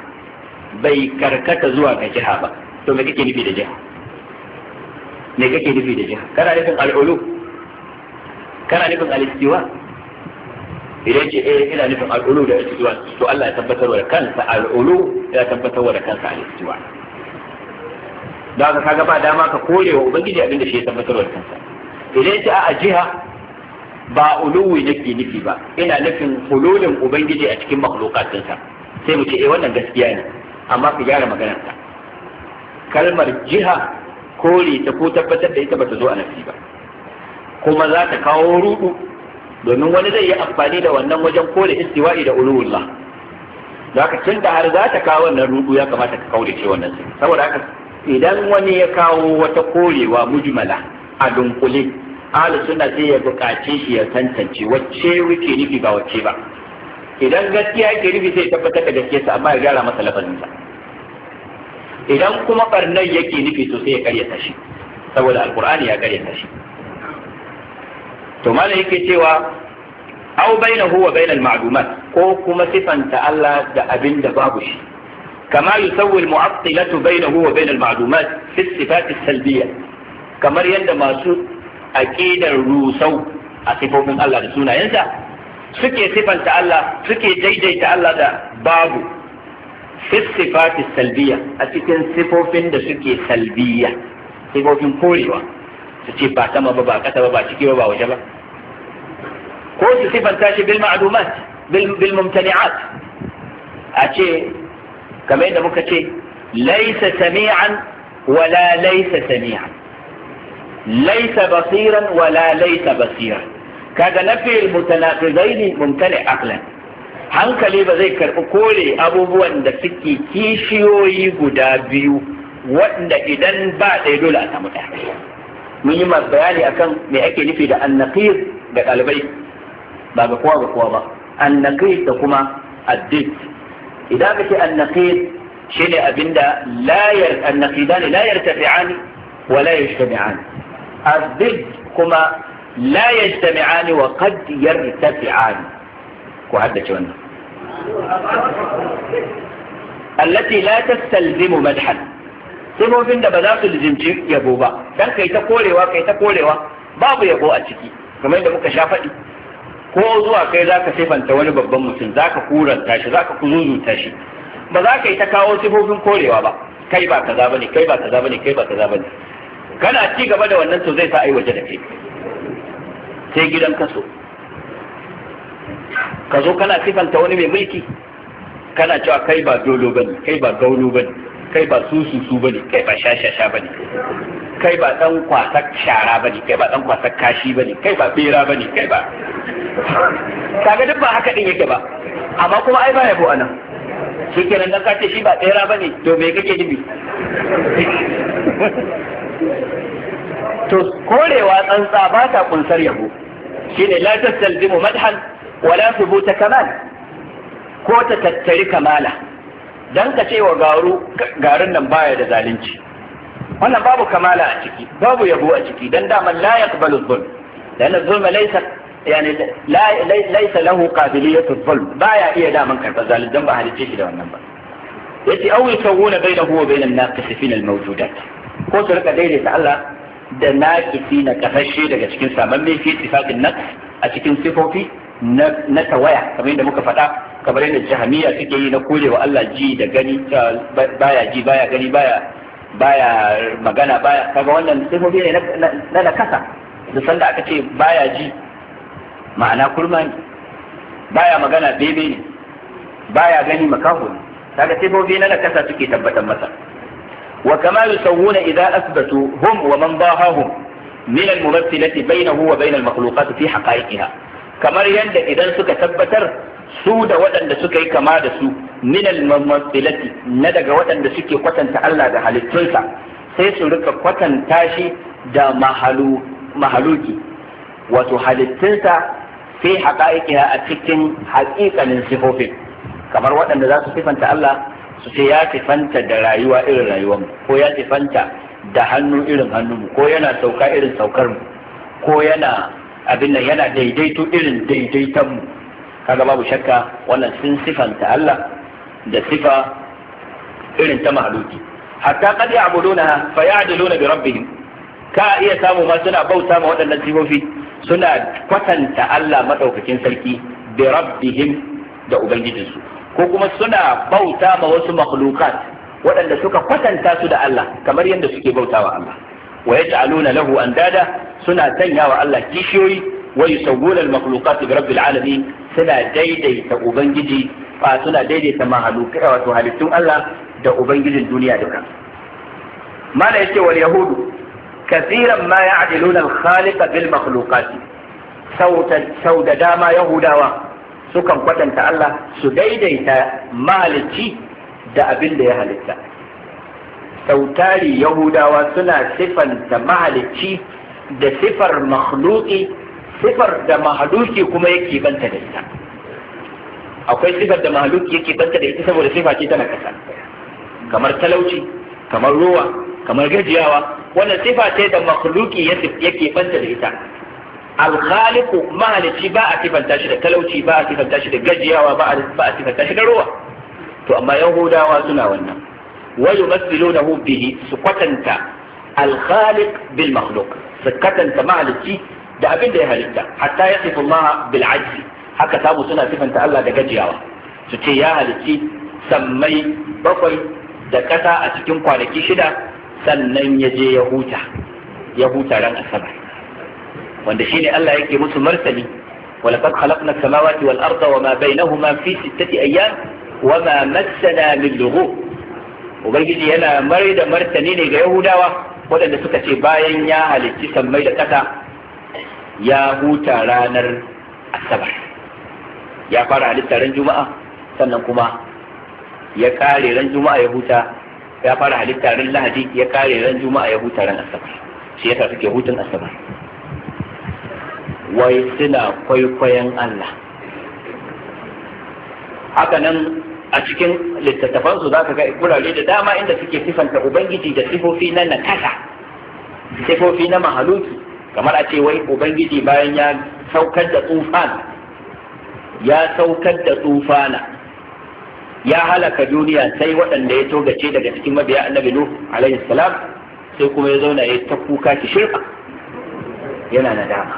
bai karkata zuwa ga jiha ba to me kake nufi da jiha me kake nufi da jiha kana nufin al'ulu kana nufin al'istiwa idan ce eh ina nufin al'ulu da al'istiwa to Allah ya tabbatar da kansa al'ulu ya tabbatar da kansa al'istiwa da ka kaga ba dama ka kore wa ubangiji abin da shi ya tabbatar da kansa idan ce a jiha ba uluwi nake nufi ba ina nufin hululin ubangiji a cikin makhluqatinsa sai mu ce eh wannan gaskiya ne amma ku gyara maganar kalmar jiha kore ta ko tabbatar da ita bata zo a nafi ba kuma za ta kawo rudu domin wani zai yi amfani da wannan wajen kore istiwa'i da ululla da aka tun da har za ta kawo wannan rudu ya kamata ka kaure ce wannan sai saboda haka idan wani ya kawo wata korewa mujmala a dunkule ahli sunna sai ya buƙace shi ya tantance wacce wuke nufi ba wacce ba idan gaskiya yake nufi sai tabbatar da gaskiyarsa amma ya gyara masa lafazinsa idan kuma ɓarnar yake nufi to sai ya karyata shi saboda alqur'ani ya karyata shi to mala yake cewa aw bainahu wa bainal ma'lumat ko kuma sifanta Allah da abin da babu shi kama yusawwi al-mu'attilatu bainahu wa bainal ma'lumat fi sifat as-salbiyya kamar yadda masu aqidar rusau a sifofin Allah da sunayensa suke sifanta Allah suke daidaita Allah da babu fisifati salbiya a cikin sifofin da suke salbiya sifofin korewa su ce ba sama ba ba kasa ba ba ciki ba ba waje ba ko su sifanta shi bil ma'lumat bil mumtani'at a ce kamar yadda muka ce laisa sami'an wala laisa sami'an laisa basiran wala laisa basiran kaga nafi al mutanaqidaini mumtani aqlan hankali ba zai karɓi kore abubuwan da suke kishiyoyi guda biyu waɗanda idan ba ɗaya dole a samu ɗaya mun yi masu bayani akan me ake nufi da annaqir ga ɗalibai ba ga kowa ga kowa ba annaqir da kuma addid idan ka ce annaqir shine abinda la yar annaqidani la yartafi'ani wa la yajtami'ani addid kuma la yajtami'ani wa qad yartafi'ani Ku haddace wannan allati la tastalzimu madhan sifofin da ba za su lizimci yabo ba dan kai ta korewa kai ta korewa babu yabo a ciki kamar yadda muka sha faɗi ko zuwa kai za ka sifanta wani babban mutum za zaka kuranta shi ka kuzuzuta shi ba za ka yi ta kawo sifofin korewa ba kai ba kaza bane kai ba kaza bane kai ba kaza bane kana ci gaba da wannan to zai sa ai waje da kai sai gidan kaso ka zo kana sifanta wani mai mulki kana cewa kai ba dolo bane kai ba gaulo bane kai ba sususu bane kai ba shashasha bane kai ba dan kwasar shara bane kai ba dan kwasar kashi bane kai ba bera bane kai ba kaga duk ba haka din yake ba amma kuma ai ba yabo anan shi nan ka kace shi ba bera bane to me kake dubi to korewa tsantsa ba ta kunsar yabo shine la tasallimu madhan wala thubuta kamal ko ta tattari kamala don ka ce wa garu garin nan baya da zalunci wannan babu kamala a ciki babu yabo a ciki don daman la yaqbalu dhulm dan dhulm laysa yani la laysa lahu qabiliyatu dhulm baya iya daman karba zalunci dan ba halice shi da wannan ba yace aw yusawuna bainahu wa bainal naqisina al mawjudat ko su rika daidaita Allah da naqisi na kafashe daga cikin samamme fi ittifaqin naqs a cikin sifofi na tawaya kamar yadda muka faɗa kamar yadda jahamiya suke yi na korewa Allah ji da gani baya ji baya gani baya baya magana baya kaga wannan sifofi ne na na kasa da sanda aka ce baya ji ma'ana kurma ne baya magana bebe ne baya gani makaho ne kaga sifofi na na kasa suke tabbatar masa wa kama yusawuna idza asbatu hum wa man dahahum min al-mumthilati bainahu wa bainal makhluqati fi haqa'iqiha kamar yadda idan suka tabbatar su da waɗanda suka yi kama da su minal mamasilati na daga waɗanda suke kwatanta Allah da halittunsa sai su rika kwatanta shi da mahaluki wato halittunsa sai haƙa'iƙiya a cikin haƙiƙanin sifofin kamar waɗanda za su sifanta Allah su ce ya sifanta da rayuwa irin rayuwarmu ko ya sifanta da hannu irin hannunmu ko yana sauka irin saukarmu ko yana abin nan yana daidaito irin daidaitonmu kaga babu shakka wannan sun sifanta Allah da sifa irin ta mahaluki hatta qad ya'buduna fa ya'diluna bi rabbihim ka iya samu ma suna bauta ma waɗannan sifofi suna kwatanta Allah madaukakin sarki bi rabbihim da ubangijinsu ko kuma suna bauta ma wasu makhlukat waɗanda suka kwatanta su da Allah kamar yadda suke bautawa Allah wa yaj'aluna lahu andada suna sanya wa Allah kishiyoyi wa yusawwuna al-makhluqat bi rabbil alamin suna daidaita ubangiji fa suna daidaita mahalukai wato halittun Allah da ubangijin duniya duka mana yace wal yahudu kasiran ma ya'diluna al-khaliqa bil makhluqat sau da dama yahudawa sukan kwatanta Allah su daidaita mahalicci da abin da ya halitta sautari yahudawa suna da mahalicci da sifar makhluki sifar da mahaluki kuma yake banta da ita akwai sifar da mahaluki yake banta da ita saboda sifa ce tana kasa kamar talauci kamar ruwa kamar gajiyawa wannan sifa ce da makhluki yake banta da ita alkhaliku mahalicci ba a sifanta shi da talauci ba a sifanta shi da gajiyawa ba a sifanta shi da ruwa to amma yahudawa suna wannan wa yumathilunahu bihi su kwatanta al-khaliq bil makhluq su kwatanta mahalicci da abinda ya halitta hatta ya sifu ma haka samu suna sifanta Allah da gajiyawa su ce ya halicci sammai bakwai da ƙasa a cikin kwanaki shida sannan ya je ya huta ya ran asabar wanda shine Allah yake musu martani ولقد na السماوات والأرض وما بينهما في ستة أيام وما مسنا من لغوب ubangiji yana mai da martani ne ga yahudawa waɗanda suka ce bayan ya halicci sammai da ƙasa ya huta ranar asabar ya fara halitta ran juma'a sannan kuma ya kare ran juma'a ya huta ya fara halitta ran lahadi ya kare ran juma'a ya huta ran asabar shi yasa suke hutun asabar wai suna kwaikwayon Allah haka nan a cikin littattafansu za ka ga kurare da dama inda suke sifanta ubangiji da sifofi na nakasa sifofi na mahaluki kamar a ce wai ubangiji bayan ya saukar da tsufana ya saukar da tsufana ya halaka duniya sai waɗanda ya togace daga cikin mabiya annabi nu alayhi salam sai kuma ya zauna ya ta kuka ki shirka yana nadama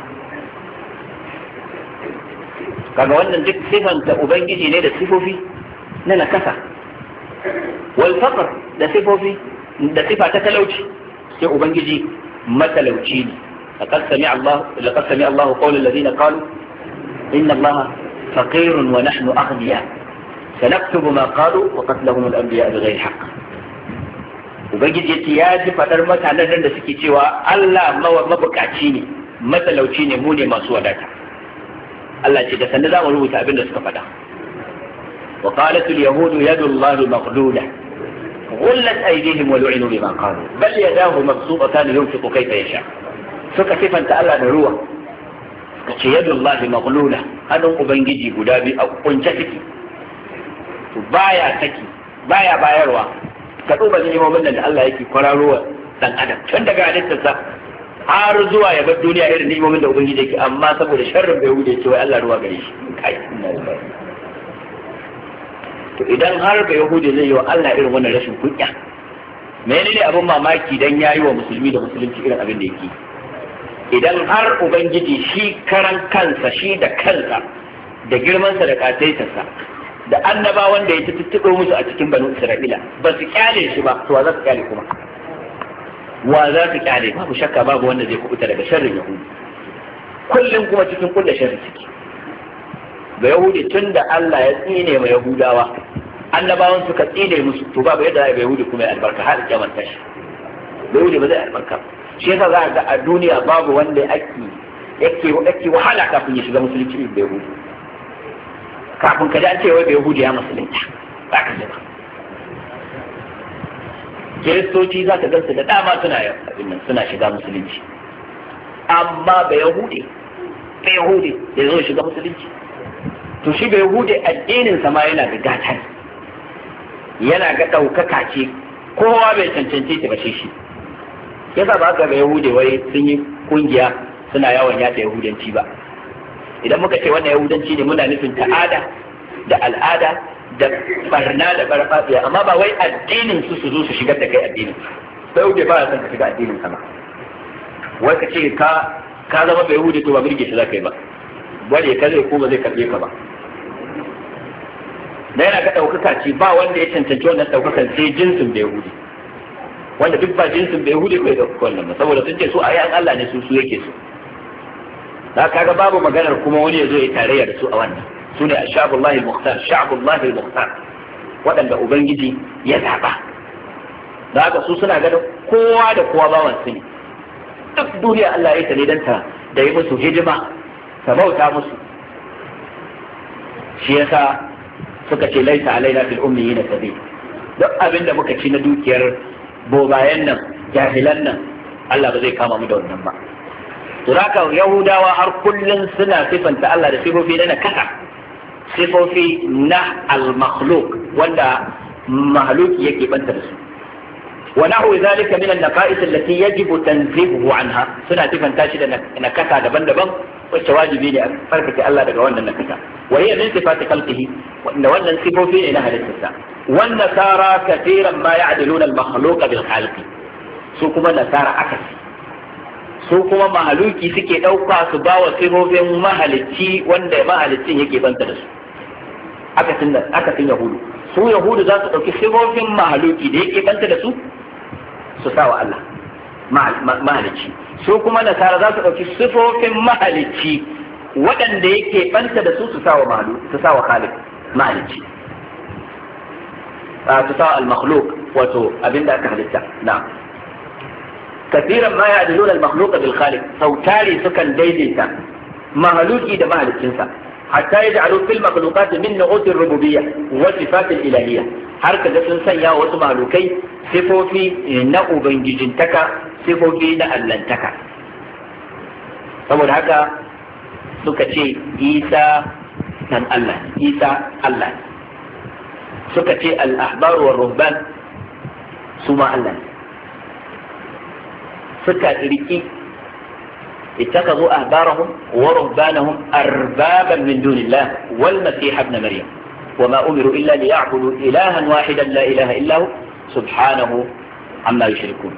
kaga wannan duk sifanta ubangiji ne da sifofi na nakasa wal faqr da sifofi da sifa ta talauci sai ubangiji matalauci ne laqad sami Allah laqad sami Allah qawl alladhina qalu inna Allah faqir wa nahnu aghniya sanaktubu ma qalu wa qatlahum al anbiya bighayri haqq ubangiji yace ya ji fadar mutanen da suke cewa Allah mabukaci ne matalauci ne mu ne masu wadata Allah ce da sanda za mu rubuta abin da suka faɗa وقالت اليهود يد الله مغلولة غلت أيديهم ولعنوا بما قالوا بل يداه مبسوطتان ينفق كيف يشاء suka كيف Allah da ruwa ka ce yadda Allah maghlula ubangiji guda biyu a kunce ciki baya saki baya bayarwa ka duba ni'imomin da Allah yake kwararowa dan adam tun har zuwa ya bar duniya irin nimomin da ubangiji yake amma saboda sharrin bai wuce cewa Allah ruwa gare shi kai to idan har ba yahudi zai yi wa Allah irin wannan rashin kunya menene abin mamaki dan yayi wa musulmi da musulunci irin abin da yake idan har ubangiji shi karan kansa shi da kansa da girmansa da kataitarsa da annaba wanda ya tuttuɗo musu a cikin banu isra'ila ba su kyale shi ba to wa za su kyale kuma wa za su kyale babu shakka babu wanda zai kubuta daga sharrin yahudi kullum kuma cikin kulle sharri ciki ga yahudi tun da Allah ya tsine ma yahudawa annabawan suka tsine musu to babu yadda ya yahudi kuma ya albarka har kiyamar tashi yahudi ba zai albarka shi yasa za ga a duniya babu wanda ake yake yake wahala kafin ya shiga musulunci da yahudi kafin ka ji an ce wai da yahudi ya musulunci ba ka ji ba kiristoci za ka gansu da dama suna abin suna shiga musulunci amma ba yahudi ba yahudi ya zo shiga musulunci to shi bai hude addinin sama yana da gata yana ga ɗaukaka ce kowa bai cancanci ta bace shi yasa ba ka ga yahude wai sun yi kungiya suna yawon yata yahudanci ba idan muka ce wannan yahudanci ne muna nufin ta'ada da al'ada da barna da barfafiya amma ba wai addinin su su zo su shigar da kai addinin sai hude ba son ka shiga addinin sama wai ka ce ka ka zama bai hude to ba mirge shi za ka yi ba wani ka zai ko ba zai karbe ka ba da yana ga ɗaukaka ce ba wanda ya cancanci wannan ɗaukakar sai jinsin bai hudu wanda duk ba jinsin bai hudu bai ɗaukaka wannan ba saboda sun ce su a an Allah ne su su yake su da kaga babu maganar kuma wani ya zo ya tarayya da su a wannan su ne ashabullahi al-mukhtar sha'bullahi al-mukhtar waɗanda ubangiji ya zaɓa da haka su suna ganin kowa da kowa bawan su ne duk duniya Allah ya tare ne danta da yi musu hidima ta bauta musu shi yasa suka ce laisa alaina fil ummiyin sabil duk abin da muka ci na dukiyar bobayen nan jahilan nan Allah ba zai kama mu da wannan ba to haka yahudawa har kullun suna sifanta Allah da sifofi na nakasa sifofi na al-makhluq wanda mahluki yake banta da su wa nahwu zalika min an-naqais allati yajibu tanzihu anha suna sifanta shi da nakasa daban-daban wacce wajibi ne a farkace Allah daga wannan nakasa wa hiya min sifati khalqihi wanda wannan sifofi ne na halittarsa wan nasara katiran ma ya'diluna al-makhluqa bil khaliqi su kuma nasara akasi su kuma mahaluki suke ɗauka su ba wa sifofin mahalicci wanda mahalicin yake banta da su akasin yahudu su yahudu za su ɗauki sifofin mahaluki da yake banta da su su sa wa Allah mahalicci su kuma nasara za su ɗauki sifofin mahalicci waɗanda yake ɓanta da su su sawa malu su sawa khaliq mahalicci su sawa al-makhluq wato da aka halitta na kasiran ma ya ya'dilun al-makhluq bil khaliq sautari sukan daidaita mahaluki da mahaliccinsa hatta yaj'alu fil makhluqat min nu'ut ar-rububiyyah wa sifat al-ilahiyyah har kaga sun sanya wasu mahalukai sifofi na ubangijintaka sifofi na allantaka saboda haka suka ce isa dan Allah isa Allah suka ce al-ahbar wa ruhban su ma Allah suka riki اتخذوا أحبارهم ورهبانهم أربابا من دون الله والمسيح ابن مريم وما أمروا إلا ليعبدوا إلها واحدا لا إله إلا هو subhanahu amma yushrikun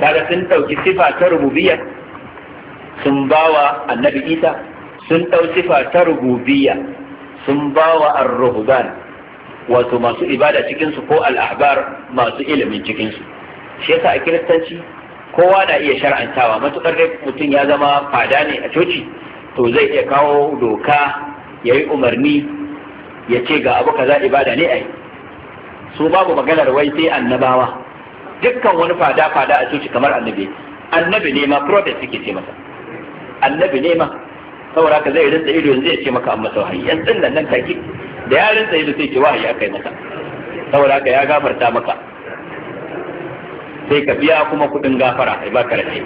kaga sun ɗauki sifa ta rububiyya sun bawa annabi isa sun ɗau sifa ta rububiyya sun bawa ar-ruhban wato masu ibada cikinsu ko al-ahbar masu ilimin cikinsu shi yasa a kiristanci kowa na iya shar'antawa matukar dai mutum ya zama fada ne a coci to zai iya kawo doka ya yi umarni ya ce ga abu kaza ibada ne a yi su babu maganar wai sai annabawa dukkan wani fada fada a coci kamar annabi annabi ne ma prophet suke ce masa annabi ne ma saboda ka zai rinsa ido yanzu ya ce maka amma sau hayyan yan nan take da ya rinsa ido sai ce wahayi aka yi masa saboda ka ya gafarta maka sai ka biya kuma kuɗin gafara ai baka rashi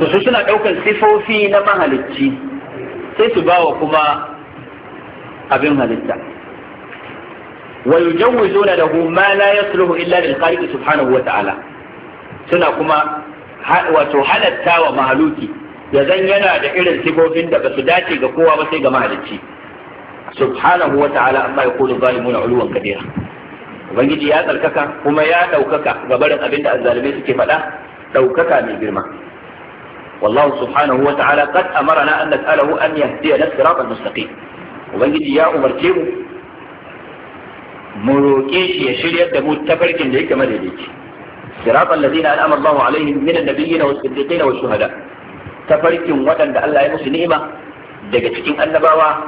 to su suna ɗaukar sifofi na mahalicci sai su bawa kuma abin halitta wa yujawwizuna lahu ma la yasluhu illa lil khaliq subhanahu wa suna kuma wato halatta wa mahaluki ya zan yana da irin sifofin da basu dace ga kowa ba sai ga mahalicci subhanahu wa ta'ala amma yaqulu zalimuna uluwan kabira ubangiji ya tsarkaka kuma ya daukaka ga barin abin da azzalimai suke faɗa daukaka mai girma Wallahu والله سبحانه وتعالى قد أمرنا أن نسأله أن يهدينا الصراط المستقيم Ubangiji ya umarce mu. mu roƙe shi ya shiryar da mu tafarkin da yake madaidaici al'amar الذين انعم الله عليهم من النبيين والصديقين والشهداء tafarkin waɗanda Allah ya musu ni'ima daga cikin annabawa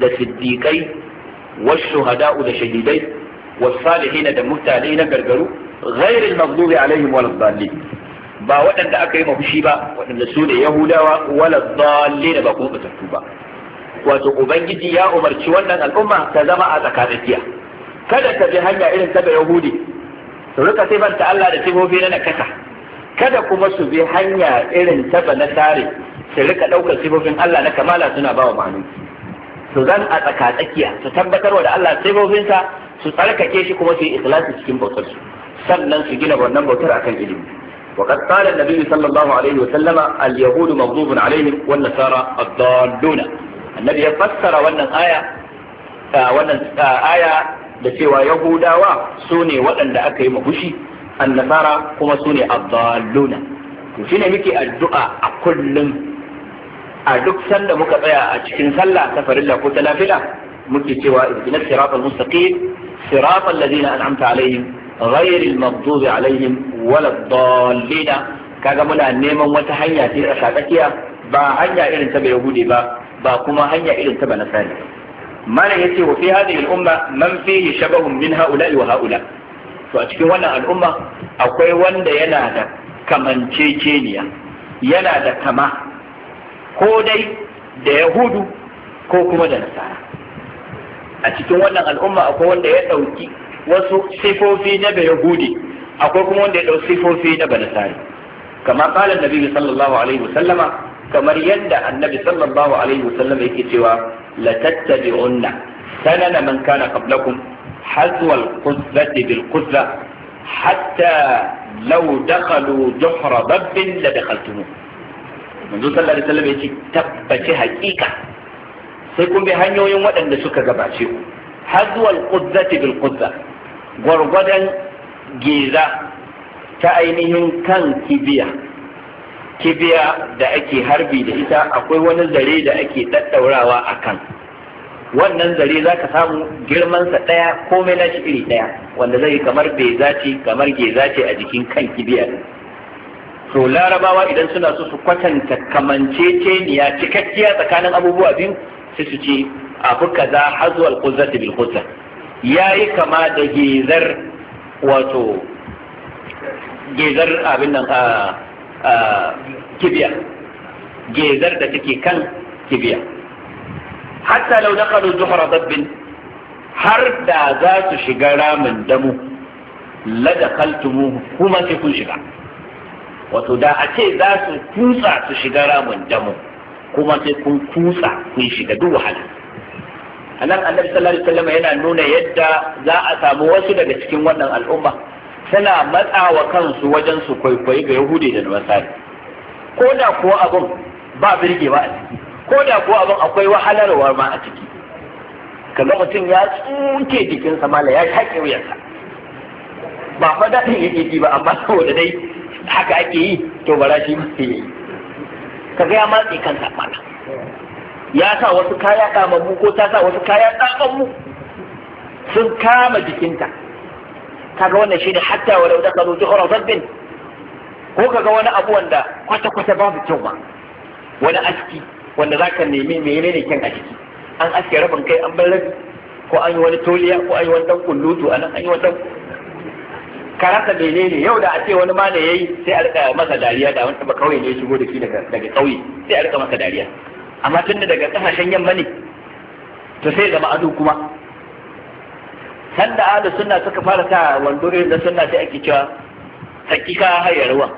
da siddiƙai والشهداء da shahidai wa Salihina da mutane na gargaru ghairil maghdubi alaihim waladdallin ba waɗanda aka yi mafushi ba waɗanda su ne yahudawa waladdallin ba kuma batattu ba wato ubangiji ya umarci wannan al'umma ta zama a tsakaniya kada ka bi hanya irin ta da yahudi su rika sifanta Allah da sifofi na nakasa kada kuma su bi hanya irin ta ba nasare su rika daukar sifofin Allah na kamala suna bawa ma'anu su zan a tsaka tsakiya su tabbatarwa da Allah sifofinsa su tsarkake shi kuma su yi ikhlasi cikin bautar su sannan su gina wannan bautar akan ilimi وقد قال النبي صلى الله عليه وسلم اليهود مغضوب عليهم والنصارى الضالون النبي فسر wannan aya wannan aya da cewa yahudawa su ne waɗanda aka yi mafushi annasara kuma su ne abdalluna to shine muke addu'a a kullum a duk sanda muka tsaya a cikin sallah ta farilla ko ta lafila muke cewa ihdinas siratal mustaqim siratal ladina an'amta alaihim ghayril maghdubi alaihim waladdallin kaga muna neman wata hanya ce a tsakiya ba hanya irin ta bai yahudi ba ba kuma hanya irin ta ba nasari malam yace wa fi hadhihi al-umma man fihi shabahun min ha'ula'i wa ha'ula to a cikin wannan al'umma akwai wanda yana da kamanceceniya yana da kama ko dai da yahudu ko kuma da nasara a cikin wannan al'umma akwai wanda ya ɗauki wasu sifofi na da yahudi akwai kuma wanda ya ɗauki sifofi na banasari kama kala nabi sallallahu alaihi wasallama kamar yadda annabi sallallahu alaihi wasallama yake cewa latattabi'unna sanana man kana qablakum hazwa al-quzzati bil-quzza hatta law dakhalu juhra dabbin la dakhaltum manzo sallallahu alaihi wasallam yace tabbaci haƙiƙa sai kun bi hanyoyin waɗanda suka gabace ku hazwa al-quzzati bil gwargwadon geza ta ainihin kan kibiya kibiya da ake harbi da ita akwai wani zare da ake daddaurawa a kan wannan zare za ka samu girmansa ɗaya komai na shi iri ɗaya wanda zai kamar beza ce kamar geza ce a jikin kan kibiya to larabawa idan suna so su kwatanta kamanceceniya cikakkiya tsakanin abubuwa biyu sai su ce abu kaza hazuwal quzzati bil Ya yi kama da gezar wato gezar abin nan a ah, kibiya gezar da take kan kibiya hatta lau dakhalu zuhra dabbin har da za su shiga ramin damu la dakhaltumuhu kuma sai kun shiga wato da a ce za su kusa su shiga ramin damu kuma sai kun kusa kun shiga duk wahala anan annabi sallallahu alaihi wasallam yana nuna yadda za a samu wasu daga cikin wannan al'umma suna matsa wa kansu wajen su kwaikwayi ga yahudi da nasara ko da kuwa abin ba ba a ciki ko da kuwa abin akwai wahalarwa ma a ciki kaga mutum ya tsunke jikinsa mala ya shaƙe wuyarsa ba fa daɗin yake ji ba amma saboda dai haka ake yi to bara shi ma yi kaga ya matse kansa mala ya sa wasu kaya kamammu ko ta sa wasu kaya mu. sun kama jikinta kaga wannan shine hatta walau dakalu zuhra dabbin ko kaga wani abu wanda kwata kwata babu kyau ba wani aski wanda zaka nemi menene kyan a ciki an aske rabin kai an bar rabi ko an yi wani toliya ko an yi wani dan kullutu anan an yi wani dan karanta menene yau da a ce wani ma mana yayi sai a rika masa dariya da wani kauye ne ya shigo da shi daga daga kauye sai a rika masa dariya amma tunda daga kasashen yamma ne to sai zama ado kuma da ahlus sunna suka fara ta wando irin da sunna sai ake cewa hakika hayarwa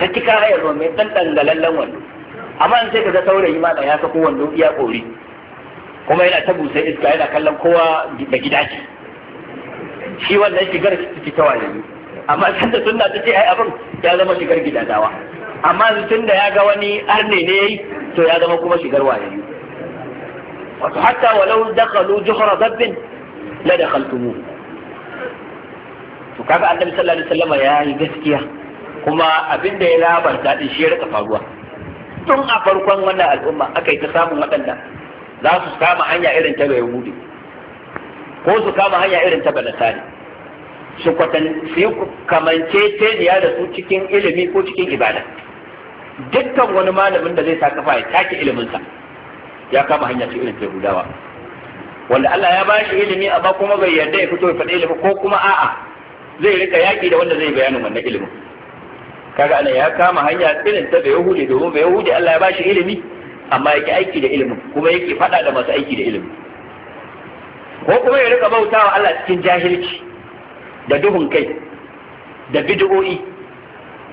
hakika hayarwa mai dan dangalallen wando amma in sai kaga saurayi ma da ya sako wando iya kori kuma yana ta busa iska yana kallon kowa da gida ce shi wannan shigar ciki ta wani amma sanda sunna ta ce ai abin ya zama shigar gidadawa amma tun da ya ga wani arne ne yayi to ya zama kuma shigar wayoyi wato hatta walau dakalu juhra dabbin la dakhaltumuhu to kaga annabi sallallahu alaihi wasallam ya yi gaskiya kuma abin da ya labarta din shi ya rika faruwa tun a farkon wannan al'umma aka yi ta samun waɗanda za su kama hanya irin ta yahudi ko su kama hanya irin ta balasani su kwatan su kamance teniya da su cikin ilimi ko cikin ibada dukkan wani malamin da zai sa kafa ya take iliminsa ya kama hanya su irin ta gudawa. wanda Allah ya bashi ilimi ba kuma bai yarda ya fito ya faɗi ilimi ko kuma a'a zai rika yaƙi da wanda zai bayanin wannan ilimin kaga ana ya kama hanya irin ta bai yahudi domin bai yahudi Allah ya bashi ilimi amma yake aiki da ilimi kuma yake faɗa da masu aiki da ilimi ko kuma ya rika bautawa Allah cikin jahilci da duhun kai da bid'o'i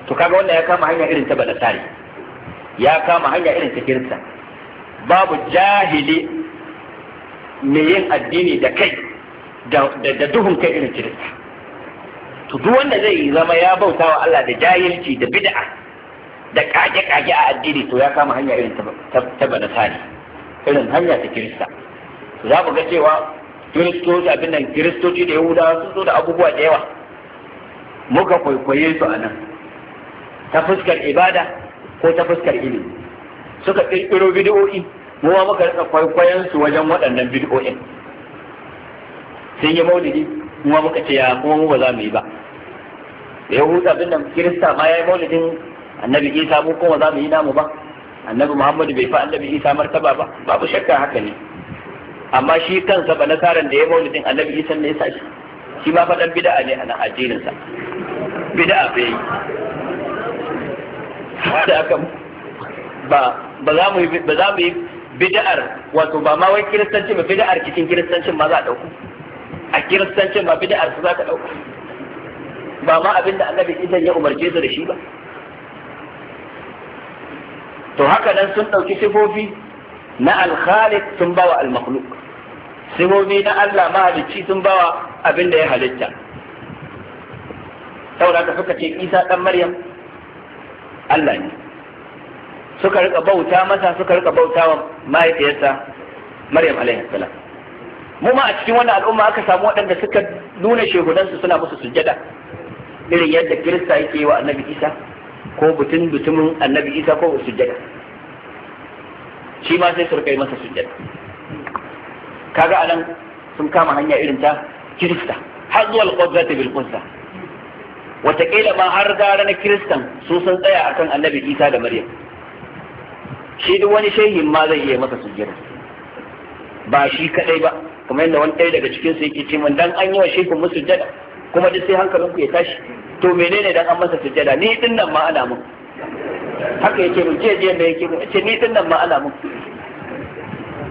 to kaga wannan ya kama hanya irin ta balasari ya kama hanya irin ta kirista babu jahili mai yin addini da kai da duhun kai irin kirista to duk wanda zai yi zama ya bauta wa Allah da jahilci da bid'a da kage-kage a addini to ya kama hanya irin ta banasari irin hanya ta kirista to za mu ga cewa kiristoci abin nan kiristoci da yahudawa sun zo da abubuwa da yawa muka kwaikwaye su a nan ta fuskar ibada ko ta fuskar ilimi suka ƙirƙiro bidiyo'i mu ma muka rika kwaikwayon su wajen waɗannan bid'o'in sun yi maulidi ma muka ce ya kuma mu ba za mu yi ba da yahuda bin nan kirista ma ya yi maulidin annabi isa mu kuma za mu yi namu ba annabi muhammadu bai fa annabi isa martaba ba babu shakka haka ne amma shi kansa ba nasaran da ya yi maulidin annabi isa ne ya shi shi ma faɗan bida'a ne a nan addinin sa bai yi ba ba za mu yi bid'ar wato ba ma wai kiristanci ba bid'ar cikin kiristancin ma za a dauko a kiristancin ba bid'ar su za ka dauko ba ma abin da annabi idan ya umarce su da shi ba to haka nan sun dauki sifofi na al-khaliq sun bawa al-makhluq sifofi na Allah mahalicci sun bawa abin da ya halitta saboda haka suka ce Isa dan Maryam Allah ne suka rika bauta masa suka rika bauta wa mahaifiyarsa Maryam alaihi salam mu ma a cikin wannan al'umma aka samu waɗanda suka nuna shehudansu suna musu sujjada irin yadda Kirista yake wa Annabi Isa ko butun butumin Annabi Isa ko sujjada shi ma sai su rika masa sujjada kaga anan sun kama hanya irin ta Kirista har zuwa al qudrat bil Qudsa wataƙila ma har gara na Kiristan su sun tsaya akan Annabi Isa da Maryam shi duk wani shehin ma zai iya masa sujjada ba shi kadai ba kuma yadda wani ɗaya daga cikin su yake ce min dan an yi wa shehin musu sujjada kuma duk sai hankalin ku ya tashi to menene dan an masa sujjada ni din nan ma ana mun haka yake mun je je da yake mun ce ni din nan ma ana mun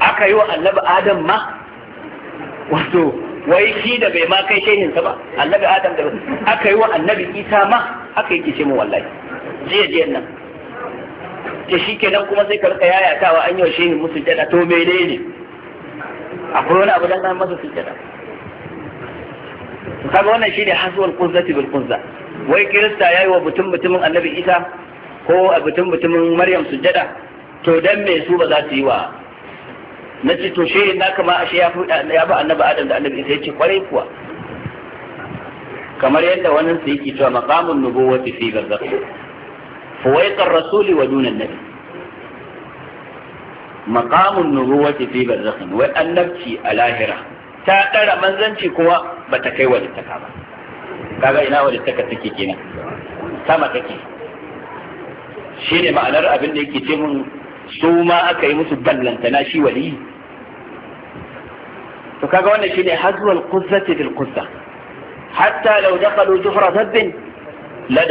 aka yi wa annabi adam ma wato wai shi da bai ma kai shehin sa ba annabi adam da aka yi wa annabi isa ma haka yake ce mun wallahi je je nan da shi kenan kuma sai ka rika yayatawa an yaushe shehin musu jada to menene akwai wani abu dangane masa su jada to kaga wannan shine haswal quzzati bil kunza wai kirista yayi wa mutum mutumin annabi isa ko a mutum mutumin maryam su jada? to dan me su ba za su yi wa na ce to na kama a shi ya fi annabi adam da annabi isa ya ce kwarai kuwa kamar yadda wannan su yake cewa maqamun nubuwati fi barzakh fuwaiqar rasuli wa dunan nabi maqamun nubuwati fi barzakhin wai annabci a lahira ta dara manzanci kuma bata kai walittaka ba kaga ina walittaka take kenan sama take shine ma'anar abin da yake ce mun su ma aka yi musu ballantana shi waliyi to kaga wannan shine hazwal quzzati bil hatta law dakhalu jufra la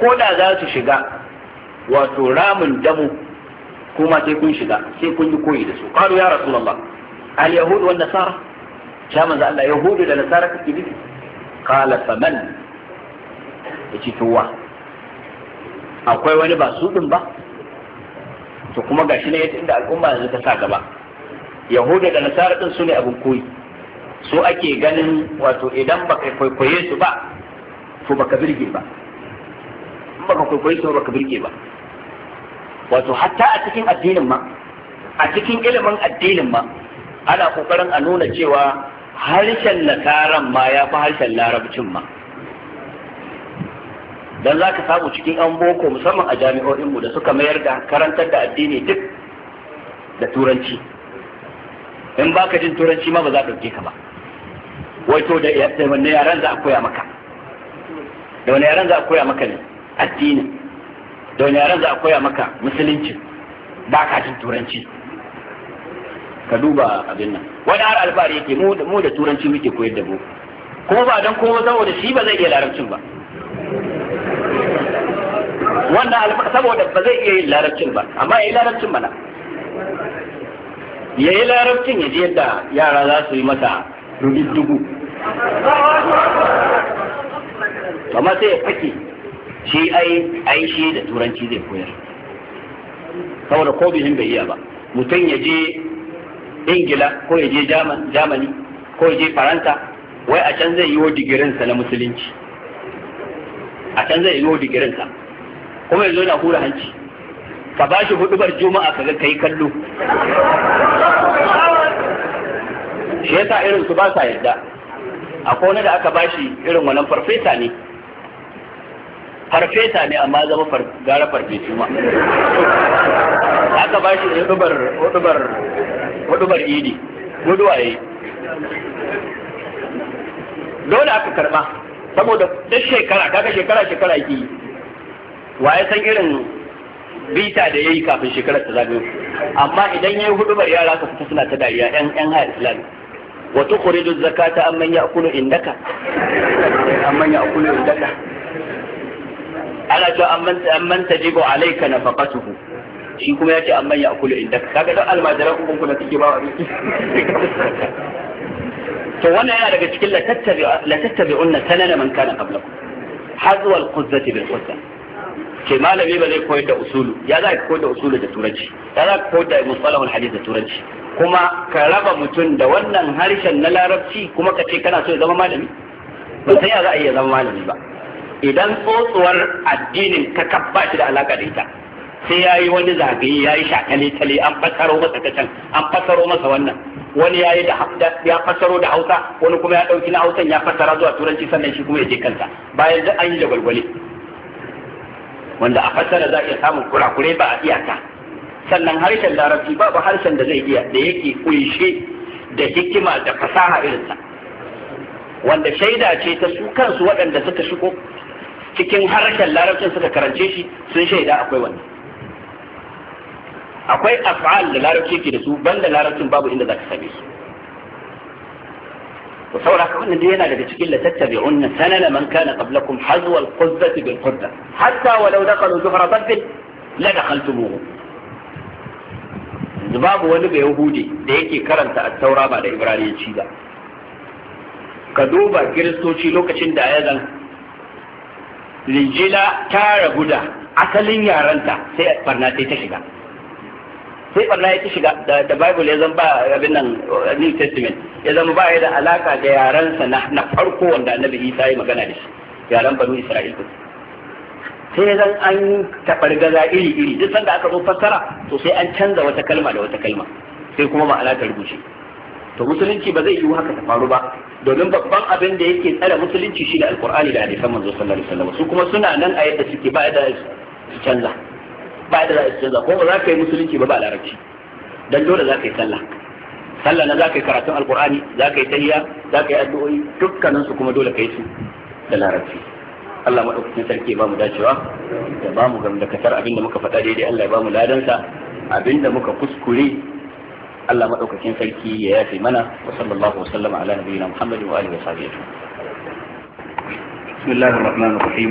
ko da za su shiga wato ramin damu kuma sai kun shiga sai kun yi koyi da su qalu ya rasu rasulullah al yahudu wanda nasara ya manzo Allah yahudu da nasara kake bi? qala faman yace to wa akwai wani ba su ba to kuma gashi ne yace inda al'umma yanzu ta sa gaba yahudu da nasara din su ne abin koyi su ake ganin wato idan baka kwaikwaye su ba to baka birge ba in baka kwaikwayi su baka birke ba wato hatta a cikin addinin ma a cikin ilimin addinin ma ana kokarin a nuna cewa harshen nasaran ma ya fi harshen larabcin ma dan za ka samu cikin an boko musamman a jami'o'inmu da suka mayar da karantar da addini duk da turanci in ba ka jin turanci ma ba za a ɗauke ka ba wai to da wanne yaran za a koya maka da wani yaran za a koya maka ne addini don yaran za a koya maka musulunci ba ka jin turanci ka duba abin nan wani har alfahari yake mu da turanci muke koyar da mu ko ba don kowa saboda shi ba zai iya larabcin ba wannan saboda ba zai iya yin larabcin ba amma ya yi larabcin mana ya yi larabcin ya je yadda yara za su yi masa rubin dubu amma sai ya fake shi ai ai shi da turanci zai koyar saboda ko bihin bai iya ba mutum ya je ingila ko ya je jamani ko ya je Faranta wai a can zai yi wa digirinsa na musulunci a can zai yi wa digirinsa kuma yanzu na hura hanci ka ba shi hudubar juma'a ka ga kai kallo shi yasa irin su ba sa yadda akwai wani da aka ba shi irin wannan farfesa ne farfesa ne amma zama gara farfesu ma aka ba shi hudubar idi guduwaye dole aka karba saboda duk shekara kaga shekara shekara ki waye san irin bita da yayi kafin shekarar ta zagayo amma idan yayi hudubar yara ka fita suna ta dariya yan yan ha islam wa tukhridu zakata amman ya'kulu indaka amman ya'kulu indaka ana cewa amman tajibu alayka nafaqatuhu shi kuma yace amman ya akulu indaka kaga dan almajiran kun kuna kike ba abinci to wannan yana daga cikin la tattabi'unna sanana man kana qablakum hazwa al-quzzati bil quzza ke malami ba zai koyar da usulu ya za ka koyar da usulu da turanci ya za ka koyar da musalahul hadith da turanci kuma ka raba mutum da wannan harshen na larabci kuma ka ce kana so ya zama malami ba sai ya za a iya zama malami ba idan tsotsuwar addinin ka kabba shi da alaka da ita sai ya yi wani zagaye ya yi shakale-tale an fasaro masa ta can an fasaro masa wannan wani ya yi da ya fasaro da hausa wani kuma ya ɗauki na hausan ya fasara zuwa turanci sannan shi kuma ya je kansa bayan duk an yi da gwalgwale wanda a fasara za a iya samun kurakure ba a iyaka sannan harshen larabci babu harshen da zai iya da yake kunshe da hikima da fasaha irinsa wanda shaida ce ta su kansu waɗanda suka shigo cikin harshen larabcin suka karance shi sun shaida akwai wani. akwai af'al da larabci ke da su banda larabcin babu inda za ka same su ku saura ka wannan yana daga cikin la tattabi'unna sanana man kana qablakum hazwa al-quzzati bil qudda hatta walau dakalu zuhra tabbin la dakhaltumuhu babu wani bai yahudi da yake karanta at-taura ba da ibrahim ba ka duba kiristoci lokacin da ya zan rinjila ta rabu da asalin yaranta sai barna sai ta shiga sai barna ya ta shiga da bible ya zama ba abin nan new testament ya zama ba ya da alaka da yaransa na farko wanda annabi isa ya magana da shi yaran banu isra'il sai zan an gaza iri-iri duk sanda aka zo fassara to sai an canza wata kalma da wata kalma sai kuma ma'ana ta rubuce to musulunci ba zai yi haka ta faru ba domin babban abin da yake tsare musulunci shi da alkur'ani da hadisan manzo sallallahu alaihi wasallam su kuma suna nan a yadda suke ba da su canza ba da su canza ko ba za ka yi musulunci ba ba larabci dan dole za ka yi sallah sallah na za ka yi karatun alkur'ani za ka yi tahiyya za ka yi addu'o'i dukkanin su kuma dole ka yi su da larabci Allah madaukakin sarki ba mu dacewa da ba mu gamdakatar abinda muka faɗa daidai Allah ya ba mu ladansa abinda muka kuskure Allah maɗaukakin sarki ya yafe mana wa sallallahu wa sallama ala nabiyina Muhammadin wa alihi wa sahbihi Bismillahir Rahmanir Rahim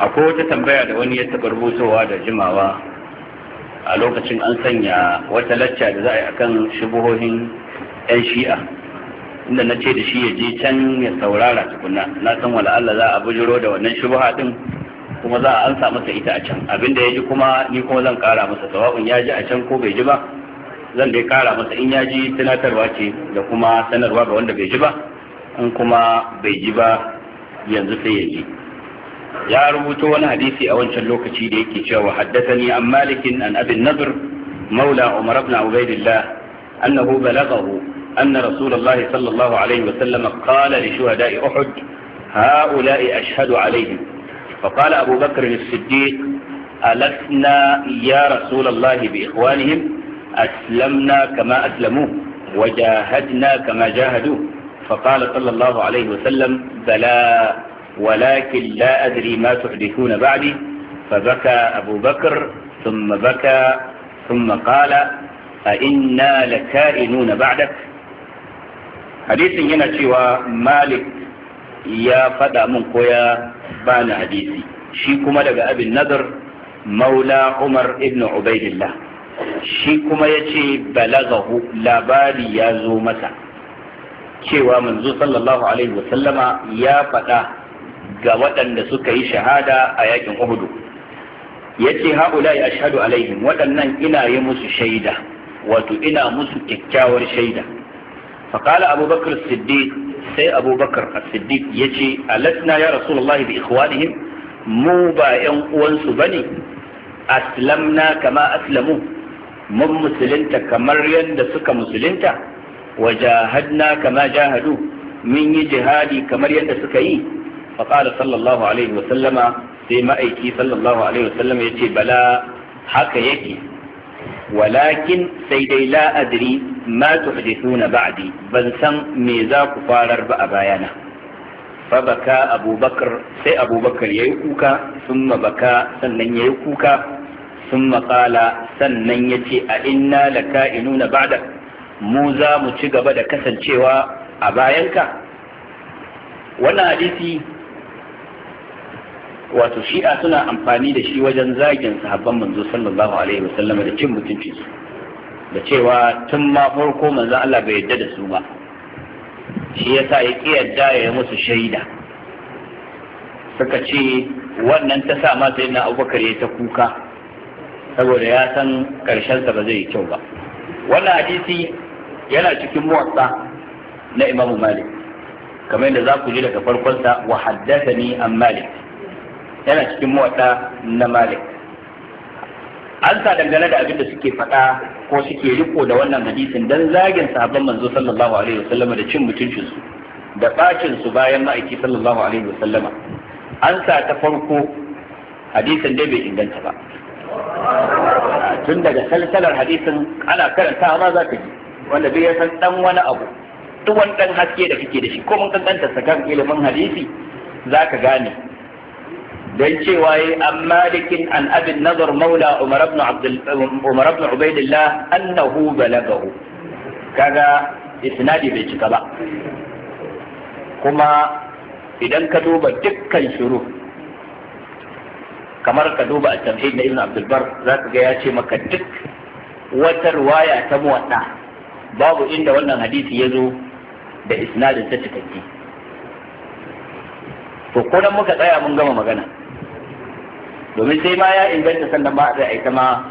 Akwai wata tambaya da wani ya taɓa rubutowa da jimawa a lokacin an sanya wata lacca da za a yi akan shubuhohin 'yan shi'a inda na ce da shi ya je can ya saurara tukuna na san wala Allah za a bujiro da wannan shubuha din kuma za a ansa masa ita a can abin da ya ji kuma ni kuma zan kara masa sawa'un ya ji a can ko bai ji ba zan dai kara masa in ya ji tunatarwa ce da kuma sanarwa ga wanda bai ji ba in kuma bai ji ba yanzu sai ya ji ya rubuto wani hadisi a wancan lokaci da yake cewa haddathani an malikin an abin nadr maula umar ibn ubaidillah annahu balaghahu anna rasulullahi sallallahu alaihi wa sallam qala li shuhada'i uhud هؤلاء أشهد عليهم فقال أبو بكر الصديق ألسنا يا رسول الله بإخوانهم أسلمنا كما أسلموا وجاهدنا كما جاهدوا فقال صلى الله عليه وسلم بلى ولكن لا أدري ما تحدثون بعدي فبكى أبو بكر ثم بكى ثم قال أئنا لكائنون بعدك حديث هنا شوى مالك يا فدا من قويا Bani hadisi shi kuma daga abin nazar maula umar ibn ubaidillah shi kuma ya ce balagahu labari ya zo masa cewa manzo sallallahu alaihi wasallama ya faɗa ga waɗanda suka yi shahada a yakin uhudu ya ce ya ashhadu alaihim waɗannan ina yi musu shaida wato ina musu kyakkyawar shaida فقال أبو بكر الصديق sai abubakar as-siddiq ya ce alasna ya rasulullahi bi ikhwanihim mu ba yan uwansu bane aslamna kama aslamu mun musulunta kamar yadda suka musulunta wa jahadna kama jahadu mun yi jihadi kamar yadda suka yi faqala sallallahu alaihi wa sallama sai ma'aiki sallallahu alaihi wa sallama yace bala haka yake walakin sai dai la adri ma tuhdithuna ba'di ban san me za ku farar ba a bayana fa baka abubakar sai abubakar yayi kuka summa baka sannan yayi kuka summa qala sannan yace a inna laka'inuna ba'da mu za mu ci gaba da kasancewa a bayanka Wani hadisi wato shi'a suna amfani da shi wajen zagin sahabban manzo sallallahu alaihi wasallam da cin mutunci su da cewa tun ma farko manzo Allah bai yadda da su ba shi yasa ya ki yarda ya musu shaida suka ce wannan ta sa ma sai Abubakar ya ta kuka saboda ya san karshen sa ba zai yi kyau ba wannan hadisi yana cikin muwatta na Imam Malik kamar yadda za ku ji daga farkon sa wa haddathani an Malik yana cikin mawaɗa na malik an sa dangane da abin da suke faɗa ko suke riko da wannan hadisin don zagin sahabban manzo sallallahu alaihi wasallama da cin mutuncin su da bacin su bayan ma'aiki sallallahu alaihi wasallama an sa ta farko hadisin dai bai inganta ba tun daga salsalar hadisin ana karanta ma za ka ji wanda bai yasan san dan wani abu duk wani dan haske da kake da shi ko mun kankanta sa kan ilimin hadisi za ka gane don cewa yi an malikin an abin nazar maula umar ibn ubaidillah annahu balagahu kaga isnadi bai cika ba kuma idan ka duba dukkan shuru kamar ka duba a tamhid na ibn abdulbar za ka ga ya ce maka duk wata ruwaya ta muwatta babu inda wannan hadisi ya zo da isnadin ta cikakke to ko muka tsaya mun gama magana domin sai ma ya inganta sannan ba a ita ma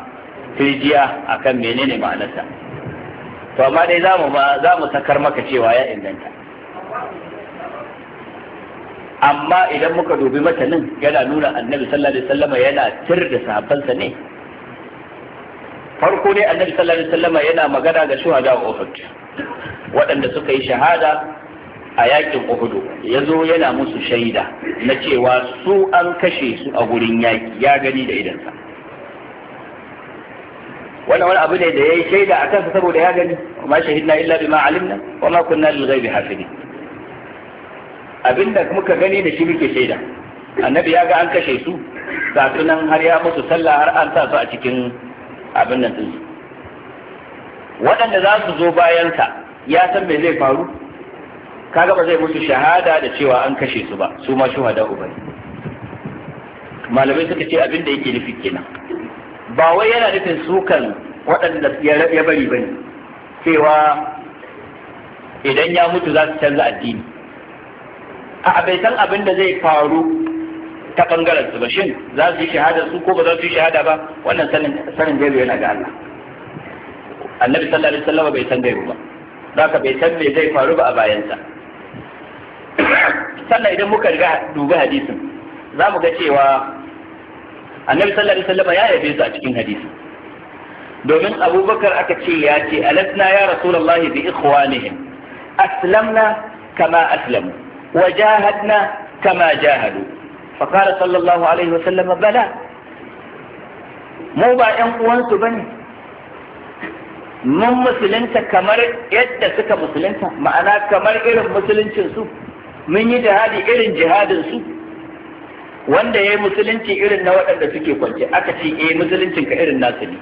firjiya akan menene ma'anarsa to amma dai za mu ba za mu sakar maka cewa ya inganta amma idan muka dubi matanin yana nuna annabi sallallahu alaihi wasallam yana tir da sahabbansa ne farko ne annabi sallallahu alaihi wasallam yana magana ga shuhada Uhud waɗanda suka yi shahada a yakin Uhudu ya zo yana musu shaida na cewa su an kashe su a gurin yaki ya gani da idansa wannan wani abu ne da ya yi shaida a kansa saboda ya gani ma shahidna illa bima alimna wa ma kunna lil ghaibi hafidin abinda muka gani da shi muke shaida annabi ya ga an kashe su ga sunan har ya musu sallah har an sa su a cikin abin nan din waɗanda za su zo bayansa ya san me zai faru kaga ba zai musu shahada da cewa an kashe su ba su ma shuhada uba malamai suka ce abin da yake nufi kenan ba wai yana nufin sukan waɗanda ya bari bane cewa idan ya mutu za su canza addini a bai san abin da zai faru ta bangaren su ba shin za su yi shahada su ko ba za su yi shahada ba wannan sanin sanin gaibu yana ga Allah annabi sallallahu alaihi wasallam bai san gaibu ba zaka bai san me zai faru ba a bayansa sannan idan muka riga dubi hadisin za mu ga cewa annabi sallallahu alaihi wasallam ya yabe su a cikin hadisi domin abubakar aka ce ya ce alasna ya rasulullahi bi ikhwanihim aslamna kama aslamu wa jahadna kama jahadu fa qala sallallahu alaihi wasallam bala mu ba ƴan uwansu bane mun musulunta kamar yadda suka musulunta ma'ana kamar irin musuluncin su mun yi jihadi irin jihadin su wanda ya yi musulunci irin na waɗanda suke kwance aka ce eh musuluncin ka irin nasu ne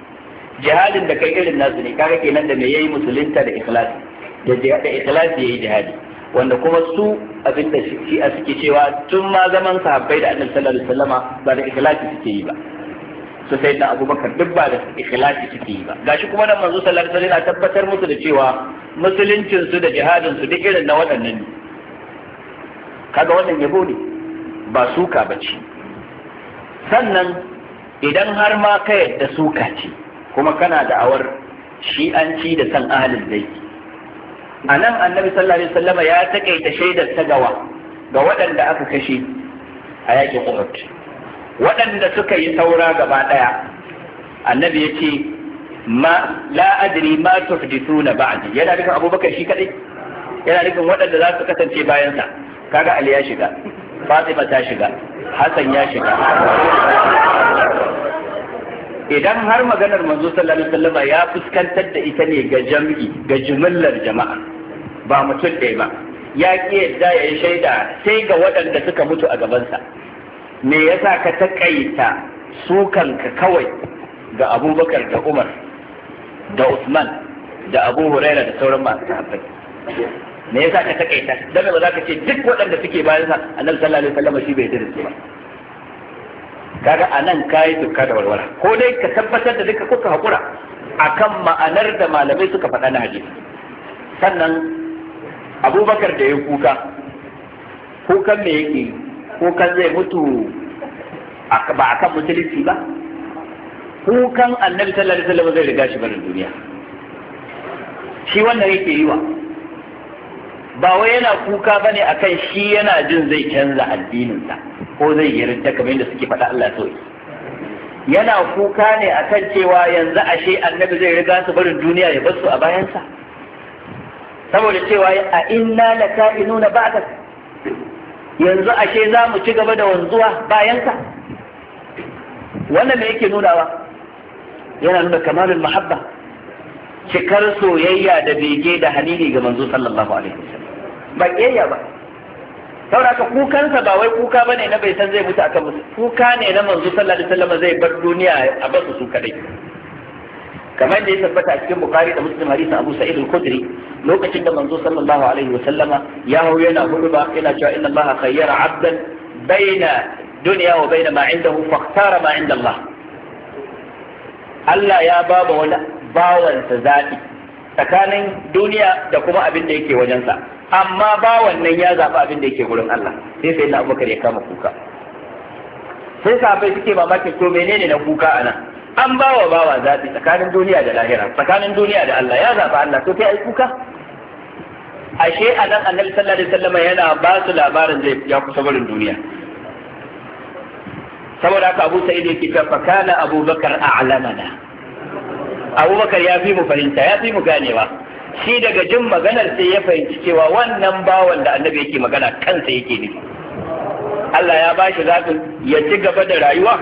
jihadin da kai irin nasu ne kaga kenan da me yayi musulunta da ikhlasi da da ikhlasi yayi jihadi wanda kuma su da shi a suke cewa tun ma zaman sahabbai da annabi sallallahu alaihi wasallama ba da ikhlasi suke yi ba su sai da abubakar duk ba da ikhlasi suke yi ba gashi kuma nan manzo sallallahu alaihi wasallam tabbatar musu da cewa musuluncin su da jihadin su duk irin na waɗannan ne kaga wannan yabo ne ba suka ba ce. sannan idan har ma ka yadda suka ce kuma kana da awar shi'anci da san ahalin zai a nan annabi sallallahu alaihi wasallama ya takaita shaidar ta gawa ga waɗanda aka kashe a yakin Uhud waɗanda suka yi saura gaba ɗaya annabi ya ce ma la adri ma tuhdithuna ba'di yana nufin abubakar shi kadai yana nufin waɗanda za su kasance bayansa kaga Ali ya shiga Fatima ta shiga Hassan ya shiga idan har maganar manzo sallallahu alaihi wasallam ya fuskantar da ita ne ga jam'i ga jumlar jama'a ba mutum ɗaya ba ya ki yadda ya yi shaida sai ga waɗanda suka mutu a gabansa me yasa ka taƙaita sukanka kawai ga abubakar da umar da usman da abu huraira da sauran masu sahabbai me yasa ka takaita dan ba za ka ce duk waɗanda suke bayan sa annabi sallallahu alaihi wasallam shi bai yarda su ba kaga anan kai tukka da warwara ko dai ka tabbatar da duka kuka hakura akan ma'anar da malamai suka faɗa na hadisi sannan abubakar da ya kuka kukan me yake kukan zai mutu ba kan musulunci ba kukan annabi sallallahu alaihi wasallam zai riga shi barin duniya shi wannan yake yi wa ba wai yana kuka bane akan shi yana jin zai canza addininsa ko zai yi rinta kamar yadda suke faɗa Allah so yana kuka ne akan cewa yanzu ashe annabi zai riga su barin duniya ya bar su a bayansa saboda cewa a inna la ta'inuna ba'da yanzu ashe za mu ci gaba da wanzuwa bayansa wannan me yake nunawa yana nuna kamalul mahabba cikar soyayya da bege da hanini ga manzo sallallahu alaihi wasallam ba ƙiyayya ba saboda haka kukansa ba wai kuka bane na bai san zai mutu akan musu kuka ne na manzo sallallahu alaihi wasallam zai bar duniya a basu su kadai kamar da ya tabbata a cikin bukhari da muslim hadisi abu sa'id al-khudri lokacin da manzo sallallahu alaihi wasallama ya hau yana huduba yana cewa inna allaha khayyara 'abdan baina dunya wa baina ma 'indahu faqtara ma 'inda allah Allah ya ba wani bawansa zaɓi tsakanin duniya da kuma abin da yake wajensa amma ba wannan ya zaɓi abin da yake gurin Allah sai sai na abubakar ya kama kuka sai sahabbai suke mamakin to menene na kuka anan an ba wa bawa zaɓi tsakanin duniya da lahira tsakanin duniya da Allah ya zaɓi Allah to kai ai kuka ashe anan annabi sallallahu alaihi wasallam yana ba su labarin zai ya kusa barin duniya saboda haka Abu Sa'id yake cewa fa kana Abu Bakar a'lamana abubakar ya fi mu fahimta ya fi mu ganewa shi daga jin maganar sai ya fahimci cewa wannan bawan da annabi yake magana kansa yake nufi Allah ya ba shi zaɓin ya ci gaba da rayuwa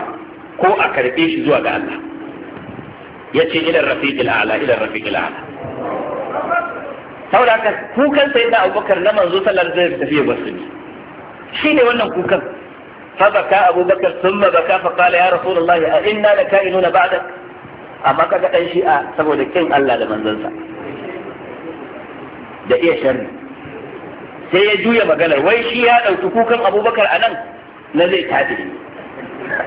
ko a karɓe shi zuwa ga Allah ya ce ilar rafiqil a'la ilar rafiqil a'la saboda haka kukan sai da abubakar na manzo sallallahu alaihi wasallam tafiya basu ne shi ne wannan kukan fa baka abubakar thumma baka fa qala ya rasulullahi a inna da lakainuna ba'dak amma ga ɗan shi'a saboda kin Allah da manzansa da iya sharri sai ya juya maganar wai shi ya ɗauki kukan abubakar a nan na zai tafi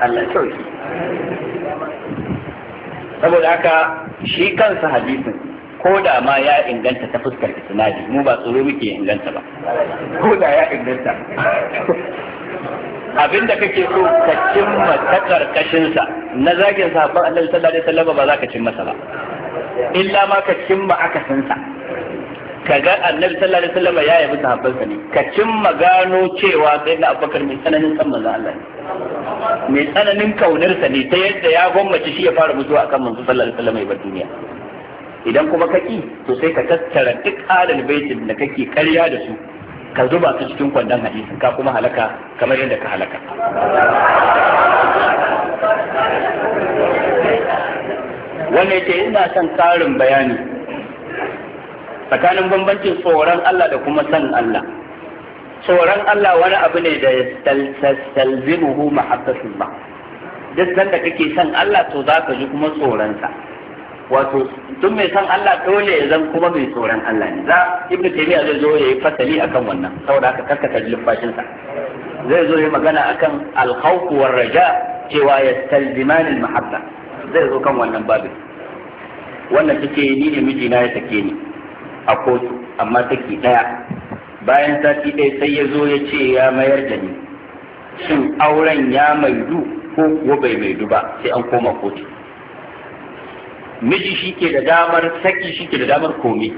Allah sauki saboda haka shi kansa hadisin ko da ma ya inganta ta fuskar isnadi mu ba tsoro muke inganta ba ko da ya inganta Abin da kake so ka cimma ta karkashin sa na zagin sahabban Annabi sallallahu alaihi wasallam ba za ka cimma sa ba illa ma ka cimma akasin sa ga Annabi sallallahu alaihi wasallam ya yabi sahabban sa ne ka cimma gano cewa sai na Abubakar mai tsananin san manzon Allah ne mai tsananin kaunar sa ne ta yadda ya gwammace shi ya fara mutuwa akan manzon sallallahu alaihi wasallam ya bar duniya idan kuma kaki to sai ka tattara duk alal baitin da kake karya da su ka zuba su cikin kwandon hadisin ka kuma halaka kamar yadda ka halaka wanda yake ina son karin bayani tsakanin bambancin tsoron Allah da kuma san Allah tsoron Allah wani abu ne da ya salzimuhu ba. duk sanda kake son Allah to za ka ji kuma tsoronsa wato tun mai san Allah dole ya zan kuma mai tsoron Allah ne za ibnu taymiya zai zo ya yi fasali akan wannan saboda haka karkata lumfashin sa zai zo ya magana akan al-khawf war raja cewa yastalziman al-mahabba zai zo kan wannan babu. wannan take ni ne mijina ya take ni a kotu amma take daya bayan sati ɗaya sai ya zo ya ce ya mayar da ni shin auren ya maidu ko kuwa bai maidu ba sai an koma kotu miji shi ke da damar saki shi ke da damar komi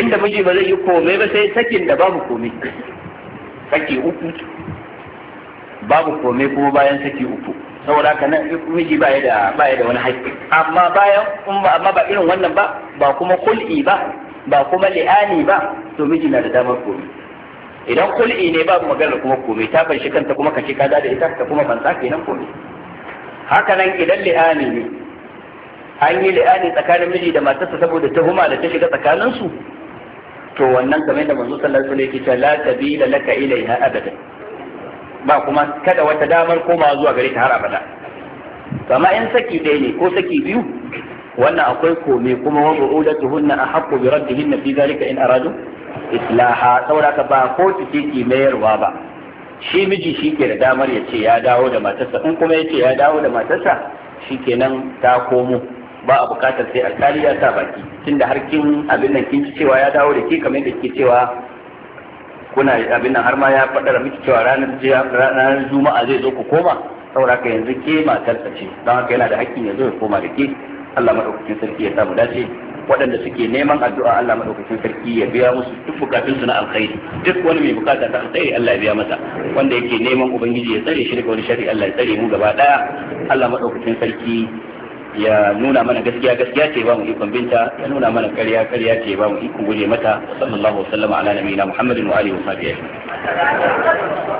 inda miji ba zai yi komai ba sai sakin da babu komai saki uku babu komai kuma bayan saki uku saboda haka nan miji ba da baya da wani haƙƙi amma bayan amma ba irin wannan ba ba kuma kul'i ba ba kuma li'ani ba to miji na da damar komai idan kul'i ne babu magana kuma komai ta fanshi kanta kuma ka ce ka da ita ka kuma fansa kenan komai haka nan idan li'ani ne an yi li'ani tsakanin miji da matarsa saboda tuhuma da ta shiga tsakaninsu to wannan kamar da manzo sallallahu alaihi wasallam yake la sabila laka ilaiha abada ba kuma kada wata damar koma zuwa gare ta har abada to amma in saki ɗaya ne ko saki biyu wannan akwai kome kuma wa bu'udatuhunna ahaqqu bi raddihinna fi zalika in aradu islaha saboda ka ba ko ce ke mayarwa ba shi miji shi ke da damar ya ce ya dawo da matarsa in kuma ya ce ya dawo da matarsa shi kenan ta komo ba a bukatar sai alkali ya sa baki tun har kin abin nan kin cewa ya dawo da ke kamar da ke cewa kuna abin nan har ma ya faɗa miki cewa ranar juma'a zai zo ku koma saboda yanzu ke matarsa ce don haka yana da hakkin ya zo ya koma da ke Allah madaukakin sarki ya samu dace waɗanda suke neman addu'a Allah madaukakin sarki ya biya musu duk bukatun su na alkhairi duk wani mai bukata ta alkhairi Allah ya biya masa wanda yake neman ubangiji ya tsare shi daga wani shari Allah ya tsare mu gaba daya Allah madaukakin sarki ya nuna mana gaskiya gaskiya ce ba mu ikon binta ya nuna mana ƙarya ƙarya ce ba mu ikon guje mata sallallahu alaihi wa sallama ala nabiyina muhammadin wa alihi wa sahbihi